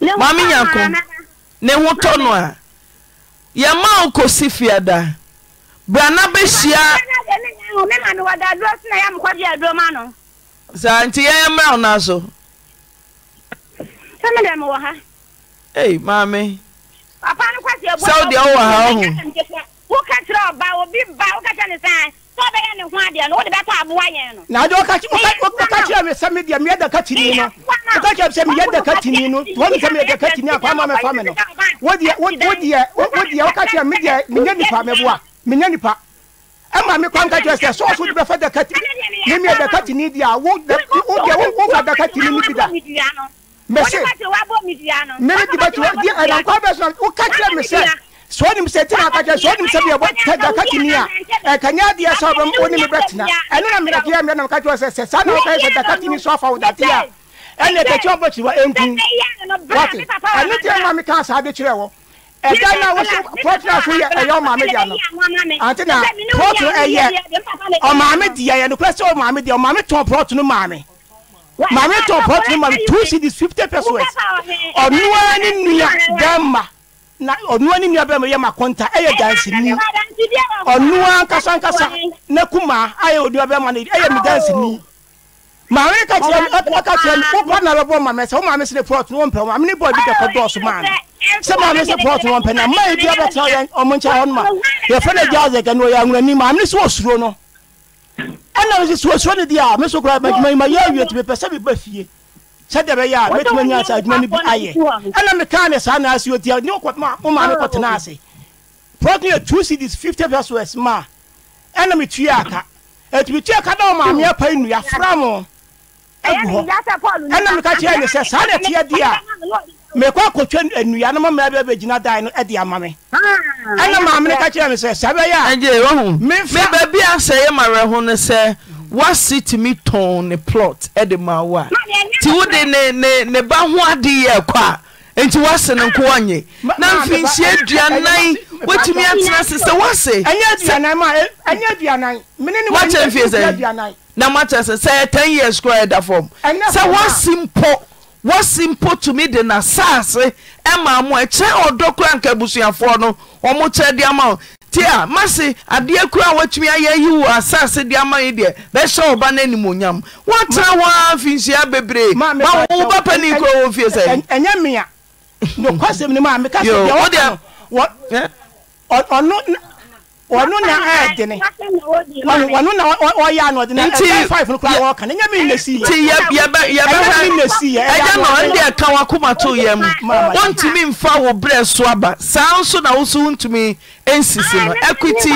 moame nyako ne ho tɔ no a yɛ ma wo kɔsi fia daa bra nna bɛsiaa saa nti yɛ nyɛ mmra wona so e maamesɛ wodeɛ wowɔ ha ho sọ bẹ yẹ ne ho adiẹ na o de bɛ tɔ aboa yɛn no. na adi o ka kyerɛ mi sɛ mi diɛ mi yɛ daka tini no o ka kyerɛ mi sɛ mi yɛ daka tini no wɔn mi sɛ mi yɛ daka tini akɔ ama mi fa mi no o diɛ o diɛ o diɛ o ka kyerɛ mi diɛ mi nye nipa mi bua mi nye nipa ɛma mi kwan ka kyerɛ sɛ sɔɔso de bɛ fɛ daka tini ni mi yɛ daka tini di a o diɛ o fa daka tini ni bi da mɛ se mi di ba ti wa di o ka kyerɛ mi sɛ sɛ ni sɛ ɛtina aka kyerɛ ni onim sɛ biɛbɔ tɛgaka kini a ɛkanyɛ adeɛ sɛ ɔbɛm ɔnim bɛtena ɛno na mmerɛkeɛ mmerɛ nam ka kyerɛ sɛ sɛ saa na wɔkaɛ sɛ daka tini so afa wo date a ɛne ɛtɛkyi ɔbɔkyi wa ɛnku wate ɛno deɛ ma meka saa de kyerɛ wɔ ɛda no a wosi pɔtena so yɛ ɛyɛ ɔmaame dea no ante na pɔto ɛyɛ ɔmaame dea yɛ nokorɛ sɛ ɔmaame dea ɔmaame tɔn pɔto no maame maame tɔn pɔto no maame two cities fifty pesos ɔnoa ne nua dɛma na ɔnua ne nua bɛrɛ yɛ ma kɔnta ɛyɛ dansini ɔnua nkasa nkasa ne kuma ayɛ onua bɛrɛ ma ne ɛyɛ mi dansini maame ka kyerɛ mi ɛpɔ ka kyerɛ mi kɔkɔ na bɛ bɔ maame sɛ o maame sɛ ne pɔrɔt wɔn pɛ maame ne bɔ ebi kɛkɔ dɔɔso maa no sɛ maame sɛ pɔrɔt wɔn pɛ na mmaa ebi abɛ kyerɛ yɛn ɔmo nkyɛn hɔ ma yɛfɛ ne gya azɛ gɛnu ɔyɛ anwulani maame sɛ osuro no ɛna mi sɛ osuro ne deɛ a mi so kura ma yɛ awie ti mi pɛ sɛ mi ba fie sɛdeɛ bɛyɛ a mɛtumi anya sɛ adwuma no bi ayɛ ɛna mekaa ne saa na ase otia ne wokɔtoma mo maame ah, kɔtena ase prɔt yɛ two cities fifty pesos ma ɛna metua aka ɛtumi e, tua aka dɛ ɔmaame apa yi nua fra mo agu hɔ ɛna meka kyerɛ ne sɛ saa na ɛteɛ deɛ a mekɔ akɔtwa nnua no mamra bɛ bɛgyina dan no de ama me ɛna ah, maame no ka kyerɛ me sɛ saa bɛyɛ a memfa baabi a sɛ ho no sɛ wasi tumi tɔn ne plot ɛde ma wo a ti wo de ne ne ne ba ho ade yɛ kɔ a nti wase ne nko ɔnye na mfinhyia aduanan wotumi atena se sɛ wase. ɛnyɛ aduanan ma ɛnyɛ e, aduanan mene ne wɔn nyɛ aduanan. na makyɛ sɛ sɛ ten years kora ɛda fam sɛ wasi mpɔ wasi mpo tumi de na saase ɛma e mo e ɛkyɛ ɔdɔ kora nka abusuafoɔ no ɔmo kyɛ de ama nti a ma se adeɛ kuraa a woatumi ayɛ yiwɔ asase deɛ ama ye deɛ bɛhyɛ wɔba no anim onyam woataa hɔ a fiinsyia bebree mawwoba pani kuro hɔ fie sɛ [LAUGHS] ɔno na ɛɛdene ɔno na ɔyɛ anɔdene ɛbɛn five no kora na si yɛ ɛyɛ mi na si yɛ ɛyɛ wakoma to yɛ mu wo so aba saa nso na woso wontumi nsisi no ah, equity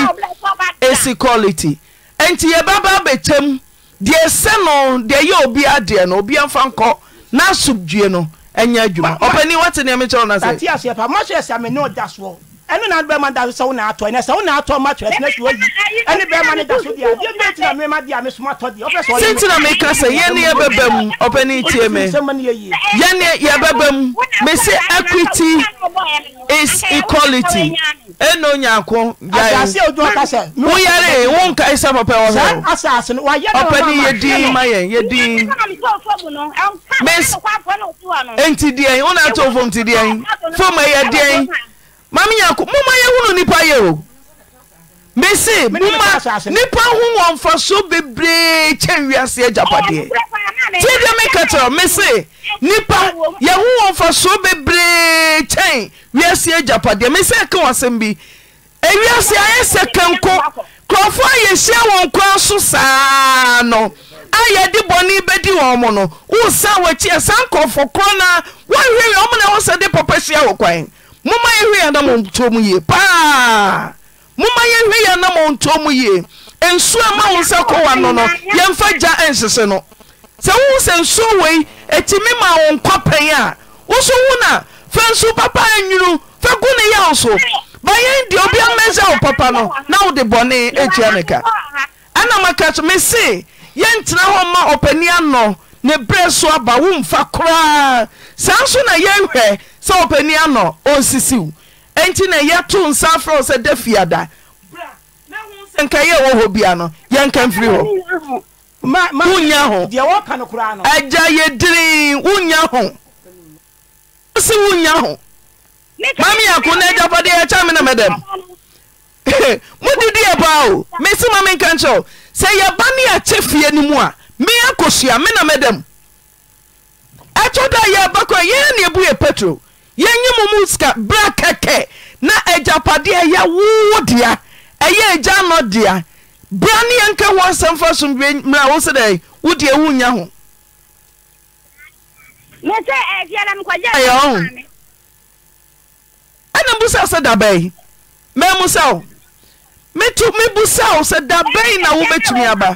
is equality nti yɛbɛba abɛkyɛm deɛ sɛ no deɛ obi adeɛ no obi amfa nkɔ na asomdue no ɛnyɛ adwuma ɔpɛni wate nneɛma kyerɛ no sɛ ɛno na bɛrima da so sɛ wo na atɔ ɛnɛ sɛ wo na atɔ ma twɛ sena si wɔyi ɛne bɛrima ne da so deɛ deɛ bɛ ntina mema deɛ a mesoma atɔ deɛ ɔbɛ sɛ ɔyɛ ntina meka sɛ yɛne yɛbɛba mu ɔpɛne tie me yɛne yɛbɛba mu mese equity is equality ɛna onyanko yae woyare wonkae sɛ pɔpɛ wɔ hɛ ɔpɛne yɛdin ma yɛn yɛdin mes enti deɛn wona atɔ fom te deɛn fom ɛyɛ deɛn mame nyako momma yɛhunu nnipa yɛ o mese moma nnipa ho wɔ mfaso bebree kyɛ wiase agyapadeɛ ti mi meka kyerɛ me se nnipa yɛho wɔ mfaso bebree kyɛn wiase agyapadeɛ me sɛ ɛka wɔasɛm bi awiase ayɛ sɛ kanko kurɔfoɔ a yɛhyia wɔn koa so saa no a yɛde bɔne bɛdi wɔn mo no wosa wɔakyi ɛsa nkurɔfo korɔ na woahwɛ wie ɔmo na ɛwɔ sɛ de papa hyia wɔ kwan momma yɛhwɛ yɛ nam ɔntɔ mu yie paa momma yɛhwɛ yɛ nam ɔntɔ mu yie nsuo ma wo nsa kɔwa no no yɛmfa gya nhyehye no sɛ wohu sɛ nsuo wei ɛtumi ma wo nkwa pɛn a wo wo na fɛ nso papa anwunu fɛ gu ne yɛ so ba yɛn deɛ obi amɛhyɛ wo papa no na wode bɔne atua ne ka ɛna maka so mese yɛntena hɔ ma ɔpani anɔ ne berɛ so aba womfa koraa saa nso na yɛhwɛ sɛ ɔpɛni anɔ ɔnsisi wo nti ne yɛtoo nsa afrɛ ɔ sɛ da fiada nkayɛ wɔ hɔ bia no yɛnka mfiri hɔ wonya ho agya yɛ dire wonya ho ɔsi wonnya ho maminako no agya pɔdeɛ yɛkyɛ me na mɛdɛm [LAUGHS] mode diɛbaa o meso ma menka nkyɛ wo sɛ yɛba ne akyɛ fie no mu a meya kosua mena na ɛtɔ da yɛ abakɔ yɛn ne yɛ petro yɛnye nye mu sika bra kɛkɛ na agyapadeɛ yɛ woo dea ɛyɛ agya nɔ dea bra ne yɛnka ho asɛm fa so mmra wo sɛ dɛ ewu wonya ho ɛna sɛ sɛ na aba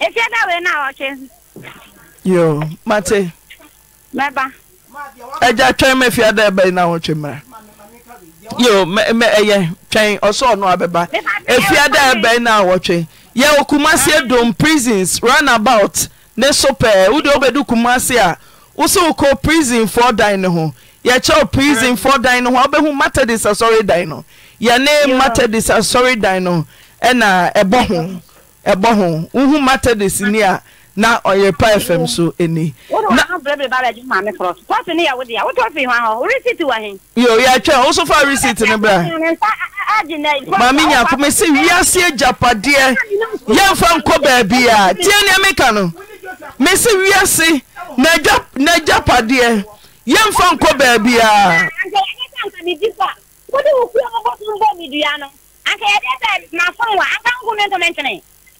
efi ɛda wei na ɔtwe. yoo mate. mɛba. ɛgya twɛn mɛ fi ɛda ɛbɛn na ɔtwe mmerɛ. yoo mɛ mɛ ɛyɛ twɛn ɔsɔ ɔno abɛba efi ɛda ɛbɛn na ɔtwe yɛ okumasi edom prisons run about, ne so pɛɛ wode obedu kumasi a wosow kɔ prison fɔ dan ne ho yɛkyɛw prison fɔ dan no ho abɛhu matadis asɔre dan no yɛne matadis asɔre dan no ɛna ɛbɔ ho ɛbɔ ho wohu matades ni a na ɔyɛ pa fm so ɛni yɛatwɛ wo so fa receipt no bra maame nyako me sɛ wiase agyapadeɛ yɛmfa nkɔ baabi a tie nea meka no me sɛ wiase n'agyapadeɛ yɛmfa nkɔ baabi a wode wo kua mɔbɔ so mbɔ medua no anka yɛdeɛ sɛ nasom wa anka nko me ntɔmentene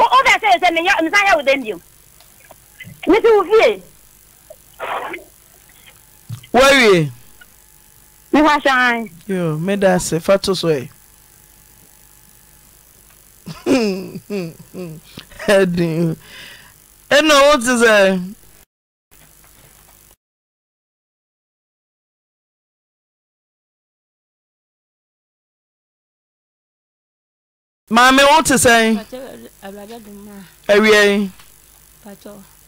o bɛ se sɛ meyɛ misa yɛ wo den bio me ti wo fie wɔwie mewɔ ahyɛn yo meda ase fa to so ɛ ɛdin ɛna wo te sɛ maame wo te sɛn awie yi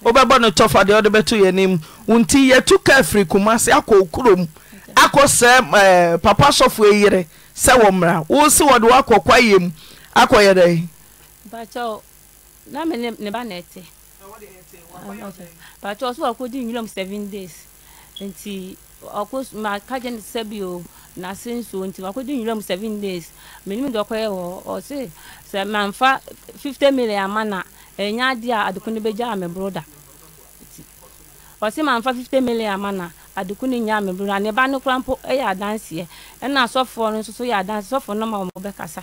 wobɛbɔ no tɔfa deɛ ɔde bɛto yɛ anim nti yɛtu ka afiri kumase akɔ okurom akɔ sɛ ɛɛ papa sɔfo eyere sɛ wɔ mmra wosi wɔde wakɔ kwa yam akɔ yɛ dɛ. bàtɔ na mi ne ne ba na ɛte bàtɔ ɔsọ wa ko di nyulam seven days nti. ma makagye no sɛ na nase nsuo nti makɔgye nwura m 7 days menim dɛ ɔkɔyɛ wɔ ɔse sɛ mamfa 50 million ama na ɛnyɛ e, di a adeko no bɛgya a meboro da ɔse mamfa 50 million ama na nya broda ne ba mpo ɛna asɔfoɔ no nso so yɛ sɔfoɔ no ma wɔn kasa.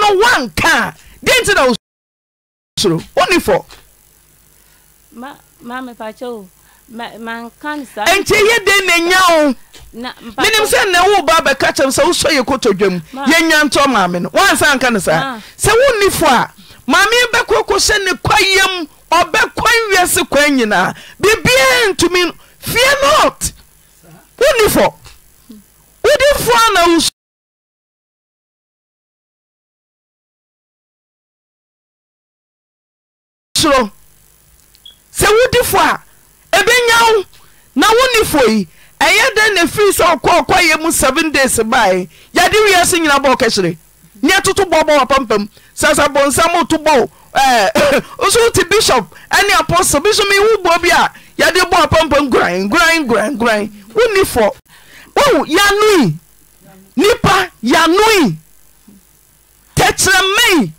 no woankaa deɛ nti na wosoro woni fɔ ɛnti ɛyɛ dɛn na ɛnya wo menim sɛ nnɛ wo ba bɛka kyɛm sɛ wosɔ yɛ kotodwa mu yɛnya ntɔ maame no woansa nka no saa sɛ wonni fɔ a maame bɛkɔ kɔhyɛ ne kwayam ɔbɛkwan wiase kwan nyinaa biribiaa ntumi fear not wonni fɔ wodi fɔ a na wos kyerɛ sɛ wodi fo a ɛbɛnya wo na wonni fo yi ɛyɛ dɛn na firi sɛ ɔkɔɔkɔ yɛ mu seven days bae yɛde wiase nyina bɔɔ kɛkyerɛ neɛ toto bɔ bɔ wapampam sasa bɔnsam to bɔ ɛɛ [COUGHS] nso te bishop ɛne apostle bishop so mi wu bɔ bi a yɛde bɔ wapampam guran guran guran guran wonni fo wɔn yanui nipa yanui tɛkyerɛmɛ yi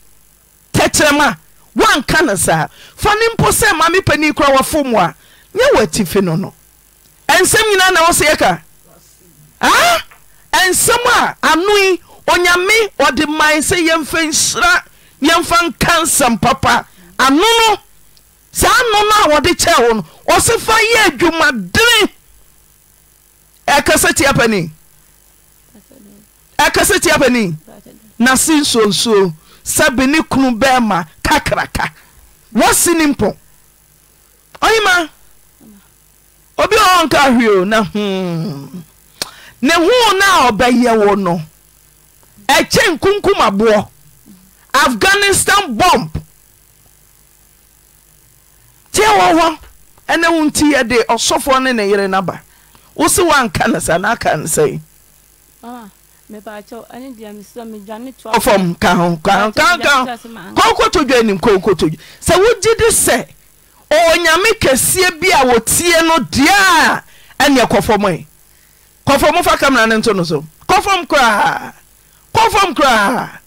woanka no saa fa ne mpo sɛ mamepanin kora wɔafomu a nyɛ wɔati fi no no ɛnsɛm nyinaa na wosɛ yɛka aa ɛnsɛm a anoi ɔnya me ɔde mae sɛ yɛmfa nhyira yɛmfa nka nsɛm papa ano no saa no no a wɔde kyɛɛ wo no ɔse fa yɛ adwuma dere ɛkɛ sɛ teapani ɛkɛ sɛ tiapani nase nsuonsuo sɛ ne kunu bɛɛma kakraka wɔsi ne mpɔ ɔyima obi ɔɔnka hweo na huu hmm. ne huu na ɔbɛyɛ wɔ no ɛkyɛn nkunkum aboɔ afghanistan bomb tiɛ wɔ hɔ ɛne wo nti yɛde ɔsɔfoɔ ne ne yere naba wo si anka ne sa na aka ne yi. fam ka ho ka kɔnkɔtɔ dwa anim kɔnkɔtɔ dwa sɛ wogye de sɛ onyame kɛseɛ bi a wɔtie no deɛ a ɛneɛ kɔfɔm ɛ kɔfɔm fa kamera ne nto no so kɔfɔm koraa kɔfɔm koraa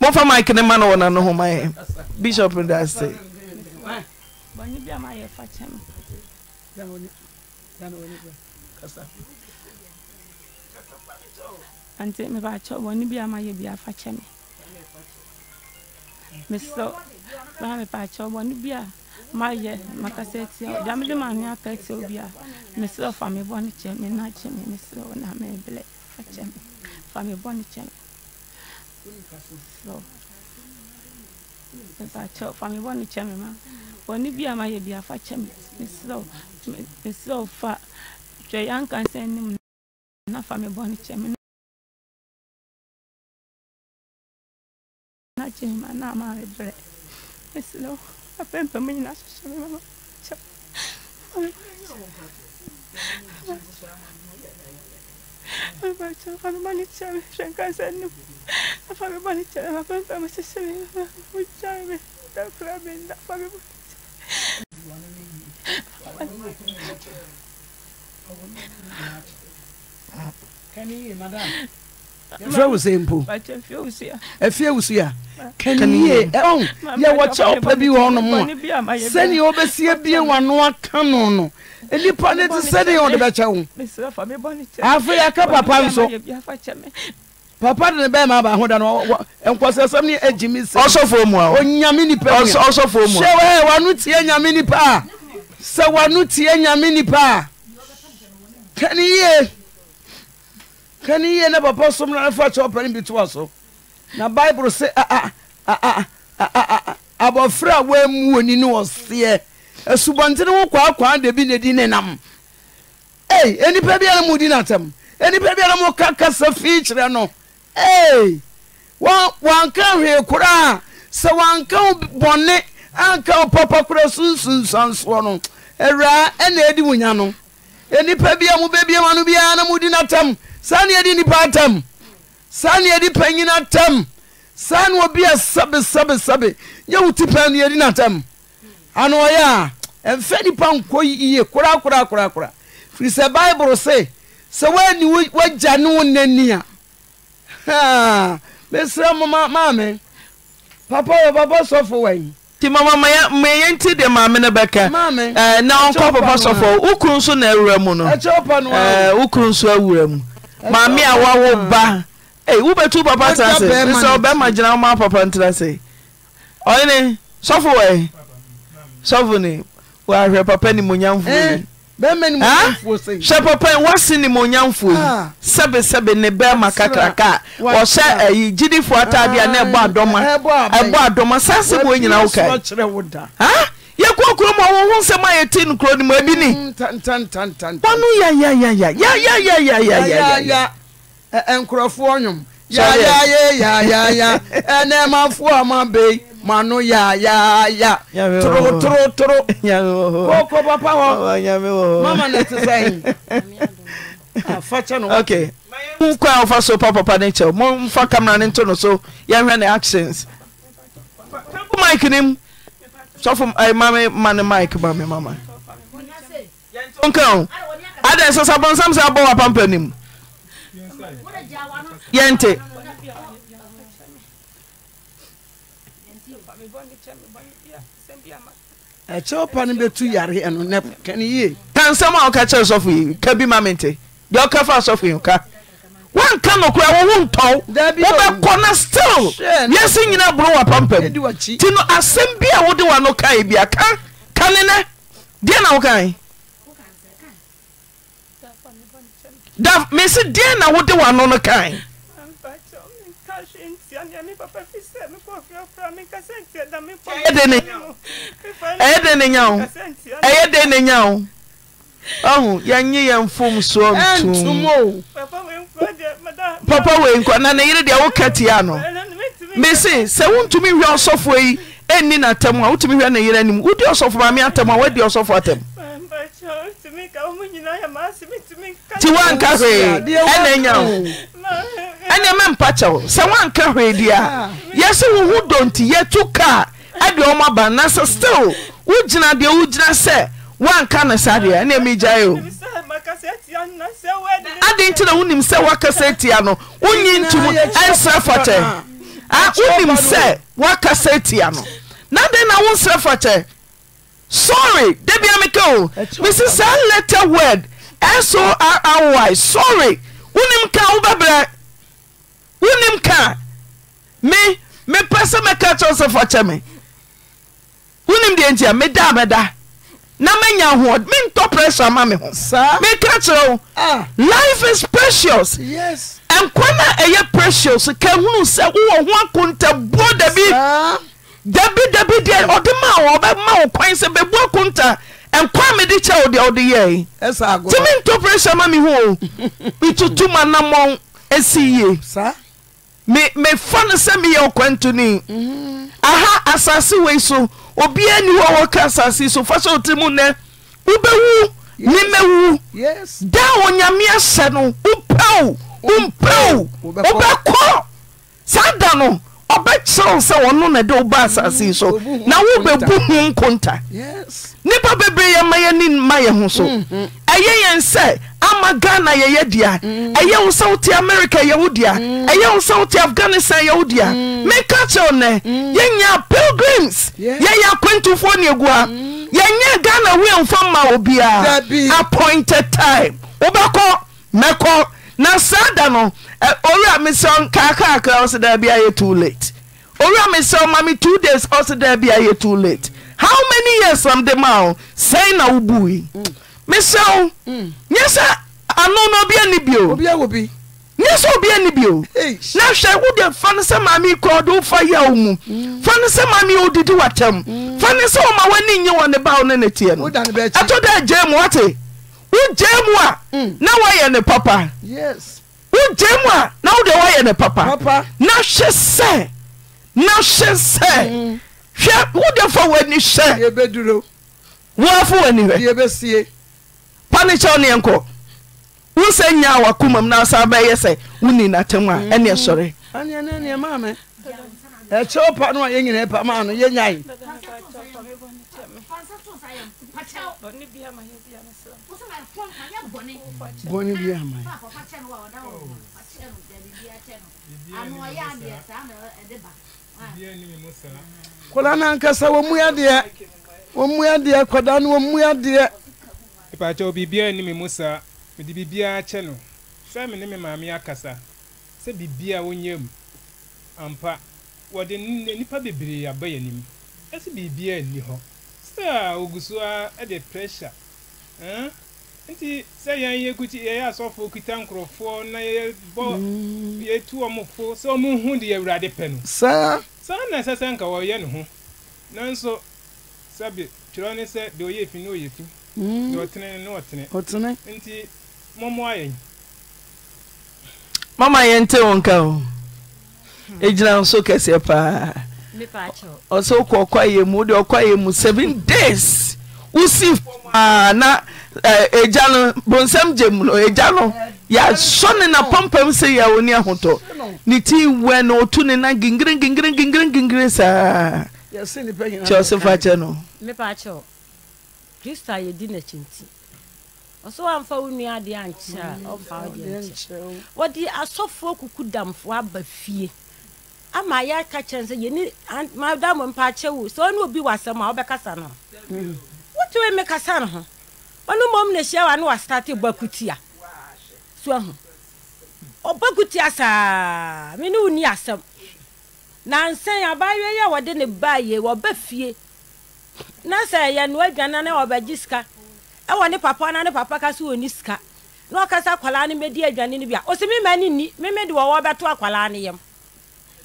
momfa mike ne ma no wɔna no ho ma bishop dase Thank you kasa anti mebakyɛ bɔne bi ama yɛ bi afa kyɛ me mesɛ baa mepakyɛ bɔne bi a mayɛ makasa atia wo deɛ mede mane aka atia wo bi a mesɛ fa me bɔne kyɛ me na kyɛ me mesɛ wo na mebrɛ fa kyɛ me fa me bɔne kyɛ me so mepakyɛ fa me bɔne kyɛ me ma bɔne bi a bi afa kyɛ me mesɛ mesɛ fa hwɛ yɛ anka nsa anim na fa me bɔne kyɛ me na kyɛ ma na ama me brɛ mesrɛ wo apɛmpɛ mu nyina hyehyɛ me mama kyɛ mebakyɛ fa me fɛ wo se mpo ɛfie wo so a kaniye ɛn yɛwɔ kyɛw pa bi wɔ no mu a sɛnea wobɛsie bie wano aka no no eh, nipa ne te sɛdeɛ wɔde bɛkyɛ wo afei aka papa nso papa de ne bɛɛ ma baako da no nkɔsɛsɛm ne agyi mi sɛ ɔsɔfoɔ mu a onyame nipa ɔsɔfoɔ mu a hyɛ wɛ wano tie nyame nipa a sɛ wano tie nyame nipa a kani yie kani yie na papa som na afa kyɛ ɔpɛne bi to wa so na bible sɛ abɔfra a wɔamu wɔni ne ɔseɛ asubɔntene wo kwaakwaa da bi na di ne nam ei nnipa bi a na mudi natam nnipa bi a na moka kasa fii kyerɛ no ei wanka hwee koraa sɛ wanka wo bɔne anka wo papa kora sunsunsansoɔ no awuraa ɛna ɛdi wo nya no Eh, nipa bia a mobɛbie ma no biara na mudi no atam saa ne yɛde nnipa atam saa ne yɛde panyin atam saa ne obi a sabesabesabe nyɛ wo ti pɛn no yɛde no atam ano ɔyɛ a ɛmfɛ nnipa nkɔ yie korakorakorakora firi sɛ bible se sɛ woani woagya ne wo nani a mesrɛ mo maame papa wɔ papa sɔfo wani ntmmmya nti deɛ maame eh, no bɛka na ɔnka papa sɔfo wo kro so na awura mu no wo kro so awura mu maame awawo ba wobɛtu wo papa tasɛsɛ ɔbima gyina woma papa ntenasɛ ɔene sɔfo sɔfone woahweɛ papa ne mnyami hyɛ papa woase ne monyamfoɔ yi sɛbesɛbe ne bɛrima kakraka a ɔhyɛ ayi gyidifoɔ ataadeɛ a na ɛbɔ adɔma ɛbɔ adɔma saa sɛ bɔ nyina wo kae yɛkɔ kurom a wo ya ya ya ya ya ya ya ya. abi ni Ya ya nkurɔfoɔ ya ya ɛnɛmafoɔ ama bei mano ya ya ya toro toro toro [LAUGHS] koko papa hɔ mama na te sɛn [LAUGHS] afakyɛ ah, no okay nkɔ a wɔfa so pa ne kyɛw mo mfa camera ne nto no so yɛhwɛ ne actions kampo mic ne mu sɔfo ɛɛ eh, maame ma ne mic maame mama nka o ada ɛsɛ sɛ abɔnsam sɛ abɔ wa pampa ne mu yɛnte. ɛkyɛw pa no bɛtu yare ɛno nɛ kane yie ka nsɛm a woka kyerɛ sɔfo yi ka bi ma mente deɛ ɔka fa sɔfo yi ka woanka nokora wo ho ntɔw wobɛkɔ na still wiase nyina boro wapampam nti no asɛm bi a wode wa no kae bia ka ka ne nɛ deɛ na wokae da mese deɛ na wode wa no no kae yɛ de n nya ɛyɛ den ne nya wo ɔhu yɛnye yɛ mfom soamtom papa wei nko na ne yere deɛ wo ka tia a nomɛse sɛ wontumi hwɛ ɔsɔfoɔ yi nni na atɛm a wotumi hwɛ ne yere anim wodi ɔsɔfoɔ mame atɛm a woadi ɔsɔfoɔ atɛm Tiwa wanka hwee ɛna anya wo ɛne mempa kyɛw sɛ woanka hwee di a yɛsɛ wo ho dɔ nti yɛtu kaa ɛde ɔmo aba na sɛ still wogyina deɛ wogyina sɛ woanka no saa deɛ ɛne megyae o ade nti na wonim sɛ woakasa atia no wonyi ntom ɛnsrɛ fɔkyɛ a wonim sɛ woakasa atia no na den na wonsrɛ fɔkyɛ sorry debi amike o mesi saa letter word sorry sorry wonim ka wobɛbrɛ wonim ka me mepɛ sɛ mɛka kyɛw sɛ fa kyɛ me wonim deɛ nti da medaa da. na manya hoɔ mentɔ pressure ma me ho meka kyerɛ wo ah. life is precious nkwa no a ɛyɛ e precious ka hunu sɛ wowɔ ho akontabuo da bi dabidabi deɛ ɔde ma wɔ ma wo kwan sɛ bɛbua konta nkwa mede kyɛ wo deɛ ɔde yɛetimi ntɔ prɛsɛ ma meho metotom anammɔn asi yie mefa no sɛ meyɛ wokwantoni aha asase wei so obiaa nni hɔ wɔka asase so fa sɛ ɔtiri mu nnɛ wobɛwu ne mɛwu da o onyame ahyɛ no wopɛwo wompɛwo wobɛkɔ saa da no ɔbɛkyerɛw sɛ ɔno na ɛde woba asase so mm, na wobɛbu ho nkonta nnipa bebree yɛma yɛni ma yɛ ho so mm-hmm. ɛyɛ yɛn sɛ ama ghana yɛyɛ dia mm-hmm. ɛyɛ wo sɛ wote amerika yɛ wo dea mm-hmm. ɛyɛ wo sɛ wote afghanistan yɛ wo dea meka kyerɛw nɛ yɛnya pilgrims yɛyɛ akwantufoɔ ne agu ha yɛnyɛ ghana weamfa ma obiaa appointed time wobɛkɔ mɛkɔ na saa da no owura mesɛ kakakra ɔsɛ daa bi ayɛ too late owura mesɛ ɔma mami two days ɔsɛ daa bi ayɛ too late how many years am de ma o sɛn na wobui mesɛ wo nyɛ sɛ ano no obia ni bio nyɛ sɛ obia ni bio na hwɛ wode fa no sɛ maame kɔ ɔde wofa yɛ wo mu fa no sɛ maame wodidi watam fa no sɛ ɔma w'ani nye wɔ ne ba wo ne ne teɛ no ɛtɔ dɛ agyae mu wate wogye mm. mu a na woayɛ ne papa wogye mu a na wodeɛ woayɛ ne papa na hwe sɛ na hwe sɛ mm-hmm. hwɛ wode fa w'ani hwɛ woafo w'ani hwɛ pane kyɛw neɛ nkɔ wo sɛ nyaa wakoma m naasa bɛyɛ sɛ wo ni natam a ɛneɛ mm-hmm. sɔre ɛkyɛw pa no a yɛnyina pa maa no yɛnyae bɔne bi ama kɔda no ankasa wɔmu adeɛ wɔmu adeɛ kɔda no wɔmu adeɛ mepakyɛ biribiaa ni me mu saa mede biribiaa kyɛ no sɛ me ne me maame akasa sɛ biribiaa wɔnyɛ mu ampa wɔde nnipa bebree aba yɛ anim ɛsɛ biribiaa nni hɔ sɛ a ɔgu so a ɛde pressure nti sɛ yɛn yɛ kuti yɛyɛ asɔfo kita nkurɔfoɔ na yɛbɔ mm. yɛtu wɔn fo sɛ wɔn hu de awurade pɛ no. saa saa na ɛsɛ sɛ nka wɔyɛ ne ho nanso sɛbi twerɛ ne sɛ deɛ ɔyɛ fi ne ɔyɛ fi mm. deɛ ɔtene ne ɔtene. ɔtene nti mɔmɔ ayɛ. mama yɛn te wɔn ka o egyina nso kɛseɛ paa ɔsɛ ɔkɔ ɔkɔ ayɛ mu ɔde ɔkɔ ayɛ mu seven days wusi fɔm na egya no bonsam gyem no egya no yɛasɔ ne na pampam sɛ yɛ wɔ ne ahotɔ ne ti wɛ na ɔtu ne na gingire gingire gingire gingire saa kyɛ ɔse fa kyɛ no mepa kyɛw kristo a yɛdi ɔsɛ wamfa wo nua adeɛ ankyɛ a mm. ɔmfa wo deɛ nkyɛ wɔde asɔfoɔ kuku damfoɔ aba fie ama yɛaka kyerɛ sɛ yɛni madamo mpa kyɛ wo sɛ ɔne obi wɔ asɛm a wobɛkasa no mm. wotumi mekasa no ho ɔno mmom ne hyia wa ne wastate bakutia so ahu ɔbakutia saa me ne wo ni asɛm nansɛn abaayewa yi a wɔde ne baa yie wɔba fie na sɛ ɛyɛ no adwana na ɔbɛgye sika ɛwɔ ne papa na ne papa ka so wɔ ni sika na ɔkasa akwadaa no bɛdi adwane no bi a ɔsɛ mi ma ne ni mimi de wɔwɔ bɛto akwadaa no yam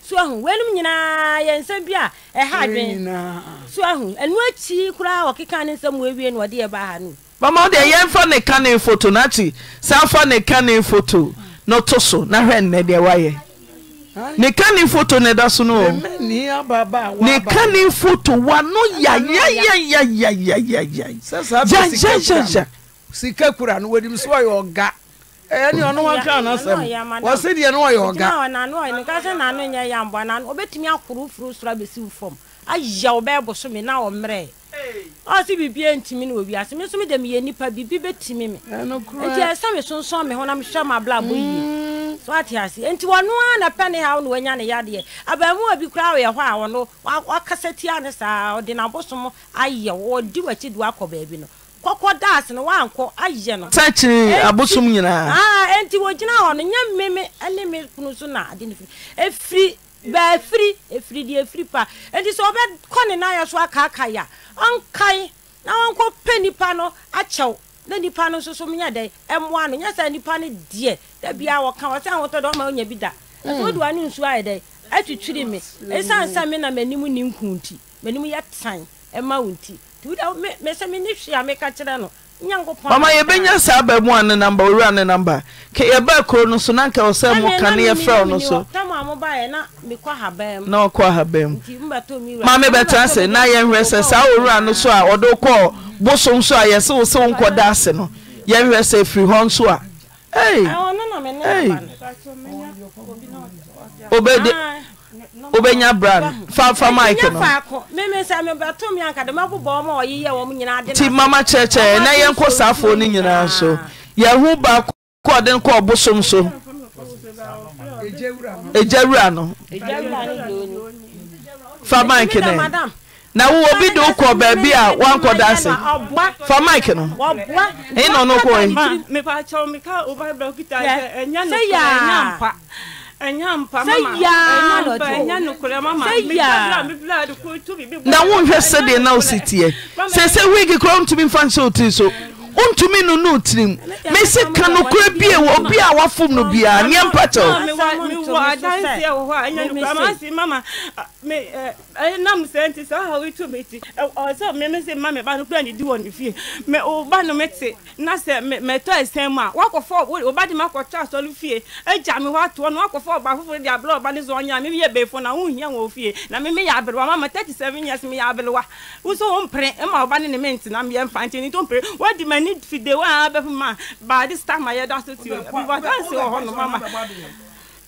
so ahu wɔnum nyinaa yɛ nsɛm bi a ɛha adwene so ahu ɛnu akyi koraa ɔkeka ne nsɛm wɔ ewie na ɔde ɛbaa ha no mama deɛ yɛmfa ne ka ne foto no ati saa ne ka ne foto na ɔto so na hwɛ nnɛ deɛ wayɛ ne ka ne foto ne da so no wɔ ne ka ne foto wano yayayayayayayayayayayaya sika kura no wadim so ɔyɛ ɔga ɛyɛ ne ɔno waka no asɛm wɔse deɛ no ɔyɛ ɔga obɛtumi akoro furu soro abɛsi wo fam ayɛ wobɛɛboso me na ɔmmerɛ ɔsi biribi ntumi no wɔ wiase mi nso mi dɛm yɛ nipa biribi bɛtumi mi nti ɛsɛ mi sunsun mi ho na mi hwɛ mu abla abo yie mm. so ate ase nti wɔn a na pɛ ne ha na wɔnya ne yadeɛ abɛɛmuwa bi koraa ɔyɛ hɔ a wɔn wakasa tia ne saa ɔde n'abosom ayɛ wɔdi wɔkyi de wakɔ baabi no kɔkɔ daase no wankɔ ayɛ no. sɛkyiri abosom nyinaa. aa nti wɔgyina hɔ no nyɛ mmemme ɛne mi kunu so na ade ne fi efiri bɛɛfiri efiri deɛ efiri pa nti sɛ ɔbɛkɔ ne nan yɛ so akaaka ya ɔnkan na ɔnkɔ pɛ nipa no akyɛw na nipa no soso so nyɛ dɛ ɛmoa no nyɛ sɛ nipa no deɛ dabi a wɔka wɔsɛ ahotɔ dɛ ɔma onya bi da ɛsɛ mm. odi wani nsuo ayɛ dɛ ɛtwitwiri mi esan sɛ mi na m'anim ni nkun ti m'anim yɛ tan ɛma wo ti ti wo da me me sɛ me ne hwea meka no mama yɛbɛnya saa baamu a ne namba owura ne namba yɛbaa kuro no so na anka wɔ sɛ mo kane yɛfrɛ no so na ɔkɔ ahabam ma mebɛtena ase na yɛnhwɛ sɛ saa owura no so a ɔde kɔɔ bosom so a yɛse wo se wo nkɔda ase no yɛnhwɛ sɛ firi hɔ nso a obɛde wobɛnya bran fafa mike nonti mama kyerɛkyerɛ ɛna yɛnkɔ saafoɔ no nyinaa so yɛho baako kɔɔde no kɔɔ bosom so agya wura no fa mike ne na wowɔ bi de wo kɔ baabi a woankɔda ase fa mike no ɛyɛ na ɔno ya. na wonhwɛ sɛdeɛ na wo si teɛ sɛ sɛ wiigi kora wontumi mfa nhyɛ wo tiri so wontumi no no tirim mesi ka nokora bie wɔ obi a wafom no biaa neɛ mpatɛo na sɛ mɛtɔ ɛsɛn mu a wakɔfɔ oba de ma kɔtɔ asɔli fie egya mi hɔ atoɔ no wakɔfɔ ɔba foforɔ de abɛlɛ ɔba ne zɔn nya mi yɛ bɛɛfo na n yɛ wɔ fie na mi mi mama thirty seven years mi yɛ abɛlɛwa wosɔ wɔn pere ɛma ɔba ne ne mi na mi yɛ mfa ntina ni to pere wɔdi mɛ I fide wa abɛ fuma baadi sita ma yɛ da so ti o bɔtɔ si wɔ hɔ nom ama.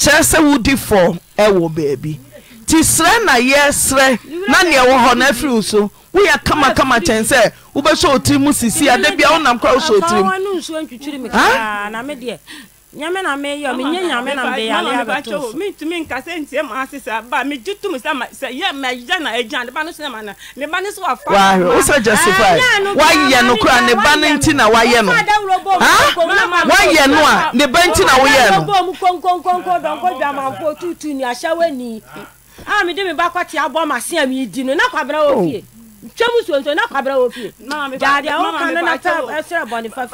kyerɛ sɛ wodi fɔ ɛwɔ baabi nti serɛ na yɛserɛ na neɛ wɔ hɔ no afiri wo so woyɛ kamakama kyɛn sɛ wobɛhyɛ otiri mu sisi a da bia wonam kora wohyɛ otiri mu nyame na meyɛ menyɛ nyame na mede yale abɛto mentumi nka sɛ ntiɛ ma ase sɛ ba megye tom sɛ yɛ mɛyɛ na agya ne ba no sɛ mana ne ba no so wafawahwɛ wo sɛ justify woayɛ no kora ne ba no nti na woayɛ no woayɛ no a ne ba nti na woyɛ no konkonkonko dɔnko dwamanfo tutu ni ahyɛwani a mede me ba kɔte abɔ ma se a meyidi no na kwabena wɔ fie twɛmu sonso na kwabrɛ wɔ fie jaadeɛ wo ka no na sɛ ɛserɛ bɔne fa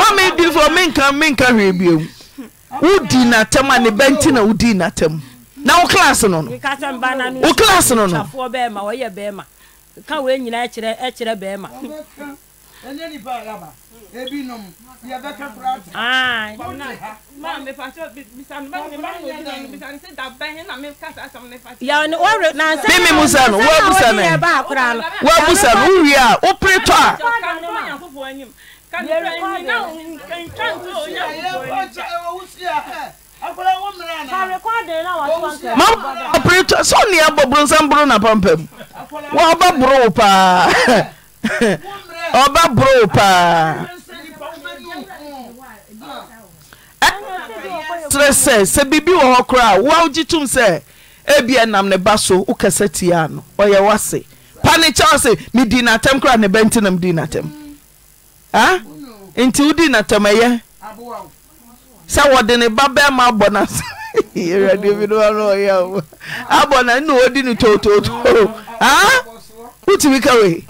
ma medi fo menka menka hwee biom wodii natam a ne bɛnti na wodii natam na wo class no no wo class no no ka wei nyina kyerɛ bɛɛma ebi nom yɛ bɛ kɛ kura ti. maa mi fa so bisani mi ba mi o bisani bisani se da bɛn hin na mi kasa. sa sɔmi ne fa. yawo ni wɔri na nsa. mi mi busa no wɔ busa no wɔ busa no wuyi a o pere tɔ a. mama pere tɔ so ni abɔ buru nsa buru na pampam wɔn ɔba buru paa ɔba buru paa. kyerɛ sɛ sɛ biribi wɔ hɔ koraa woawogye tom sɛ ebi nam ne ba so wokasa tiaa no ɔyɛ wase pa ne kyɛw sɛ medii natɛm koraa ne bɛnti na medii natɛm nti wodii natɛm ɛyɛ sɛ wɔde ne ba bɛma abɔ nasabɔ na nna wɔdi no tootooto wotumi ka wei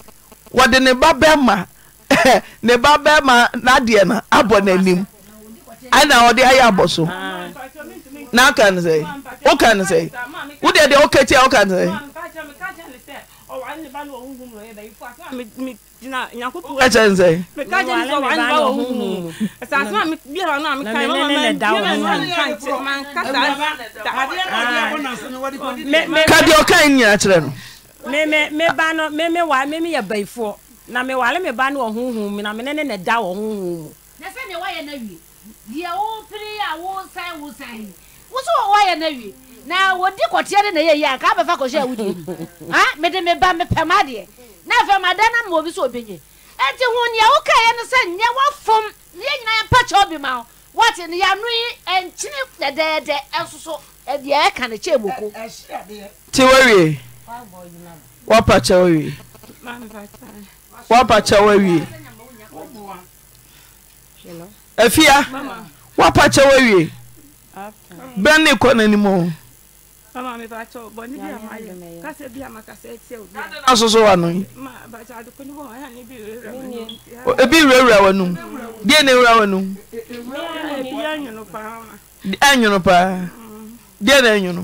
wɔde ne ba bɛma [LAUGHS] ne ba bɛma n'adeɛ no abɔ n'anim ana ɔde ayɛ abɔ so ah. na aka no sɛ woka no sɛ wodeɛ deɛ woka tia woka no sɛ kadeɛ ɔka nyina kyerɛ nomemeyɛ baifoɔ na mewale me ba wɔ honhom mu na mene ne ne da wɔ honhom mu deɛ wopere a wosan wosan woso wɔ wɔyɛ na wɔdi kɔteɛ ne na ya yie a kaa bɛfa kɔhyɛ a ha mede meba mepɛm na afei mada na ma obi sɛ obɛnye ɛnti ho nea wokaeɛ no sɛ nyɛ wafom obi ma wo wɔte no yɛano yi ɛnkyene dɛdɛɛdɛ ɛnsoso ɛdeɛ ɛka moko nti woawie woapa kyɛ woawie afia woapakyɛ woawie bɛn ne kɔ n'anim asoso wa no ebi wurawura w'anum deɛ na ewura w'anum anwono paa deɛ na anwono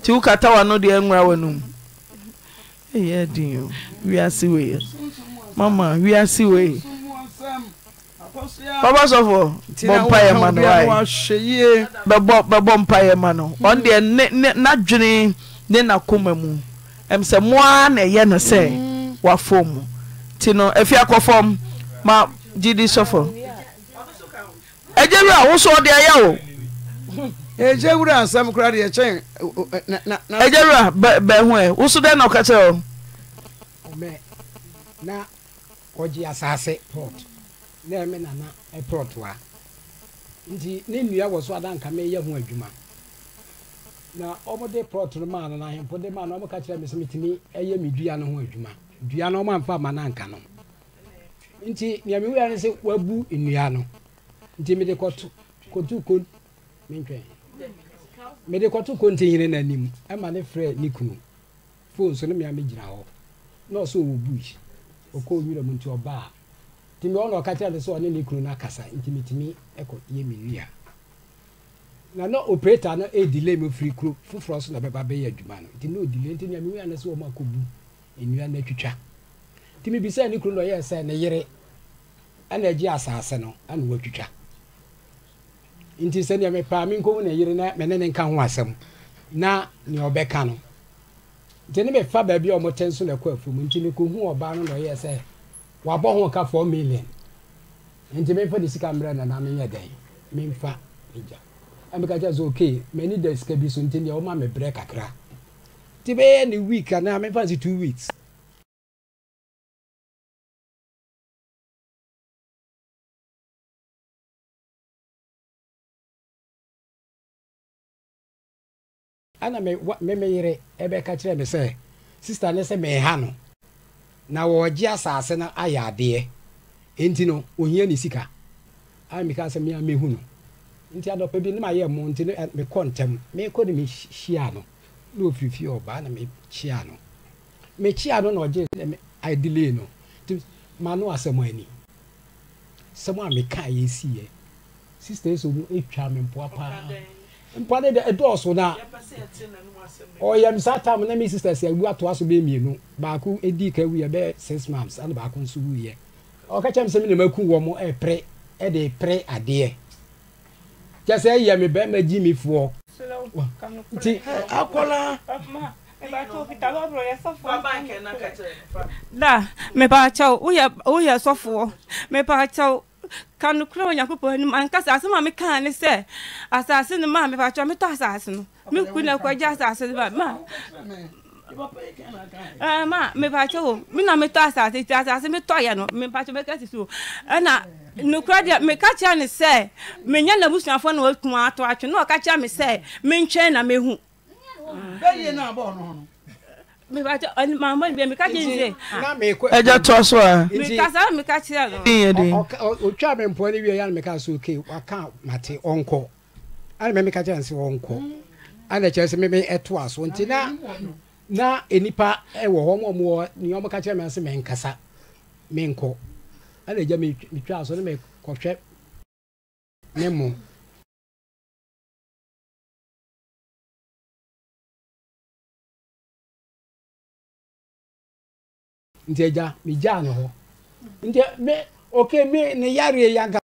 nti wokata wano deɛ nwura w'anom ɛyɛ den o wiase wei mama wiase wei papa sɔfo bɔ mpa yɛ ma no wae bɛbɔ bɛbɔ mpa yɛ ma no ɔn deɛ ne ne n'adwene ne n'akoma mu ɛm sɛ moa na ɛyɛ no sɛ wafo mu ti no efi akɔ fam ma gidi sɔfo ɛgye bi a wosɔ deɛ yɛ o. ɛgya wura asɛm kora deɛ kyɛn agya wura bɛho ɛ wo so dɛn na ɔka kyerɛ ɔ na ɔgye asase port na ɛme nana e port a nti ne nnua wɔ so adanka mɛyɛ ho adwuma na ɔmode port no maa no na ahempo de maa no ɔmka kyerɛ me sɛ metumi ɛyɛ e me dua no ho adwuma dua no ɔmamfa ma no anka no nti nea mewura ne sɛ wabu nnua no nti mede kɔto kɔtu kon mentwɛn mede kɔto kɔntɛnyini n'anim ɛma ne frɛ ne kunu fone so ne mmea me hɔ na ɔsɛ ɔwɔ bush ɔkɔ nwura mu nti ɔbaa timi ɔna ɔka kyerɛ no sɛ ɔne ne kunu no akasa ntimitimi ɛkɔ yɛ me na na operator no ɛdile mu firi kuro foforɔ so na bɛba bɛyɛ adwuma no nti na ɔdile nti nea me wia no sɛ wɔm akɔbu nnua no atwitwa nti mebisa ne kunu no ɔyɛɛ sɛ ne yere ɛna agye asase no ɛna wɔatwitwa nti sɛ nea mepaa me nkɔhu ne yere na mene ne nka ho asɛm na nea ɔbɛka no nti ne mefa baabi a ɔmotɛ nso na ɛkɔ afuom nti mekɔhu ɔbaa no na ɔyɛ sɛ wabɔ ho ka four million nti memfa ne sika mmerɛ nana menyɛ dɛn memfa megya ɛmeka kyɛ sɛ okay m'ani da sika bi so nti deɛ woma mebrɛ kakra nti bɛyɛ ne week anaa memfa nsi two weeks ana meme yere ebe kyerɛ me sɛ sista ne me ha no na wɔgye asase na ayɛ adeɛ enti no ohia ne sika a meka sɛ mea mehu no nti adɔpɛ bi ne mayɛ mo nti mekɔ ntɛm mekɔ ne mehyia no na ofirifie ɔbaa na mekyia no mekyia no na ɔgye adelay no nti ma no asɛm ani sɛm a meka yɛsiiɛ sista ɛsɛ etwa ɛtwa me mpoa paa mpa de de ɛdɔɔso na ɔyɛ m saa tam na mi sisters awu ato aso bɛyɛ mmienu baako edi ka wuyɛ bɛyɛ six months ɛna baako nso wuyɛ ɔka kyɛm sɛ mi na ma ku wɔn ɛpere ɛde pere adeɛ kyɛ sɛ ɛyɛ mi bɛrima gyi mi foɔ nti akɔla. da mepaakyɛw woyɛ sɔfoɔ mepaakyɛw ka nokorɛ onyankopɔn anim anka asase ma mekaa ne sɛ asase no ma mepakyɛ metɔ asase no meku na kɔgye asase no ma ma mepakyɛ o mena metɔ asase nti asase metɔyɛ no mepakyɛ bɛka sisi o ɛna nokorɛ deɛ meka kyerɛ ne sɛ menyɛ nabusuafoɔ na wakum ato atwe na ɔka kyerɛ me sɛ mentwɛn na mehu bɛyie no abɔɔ no ho no ɛgya toa so a ɔtwaa me mpoa no wie ɛne meka sɛ ok waka mate ɔnkɔ ana mɛ meka kyerɛ ne sɛ ɔnkɔ ana kyerɛ sɛ meme ɛtoa so nti na na ɛnipa ɛwɔ hɔ ma ɔmwɔ nea ɔmka kyerɛ me sɛ menkasa menkɔ ana agya metwaa so ne mekɔhwɛ ne mo nti agya megyaa ne hɔ nti me ok me ne yareɛ yaga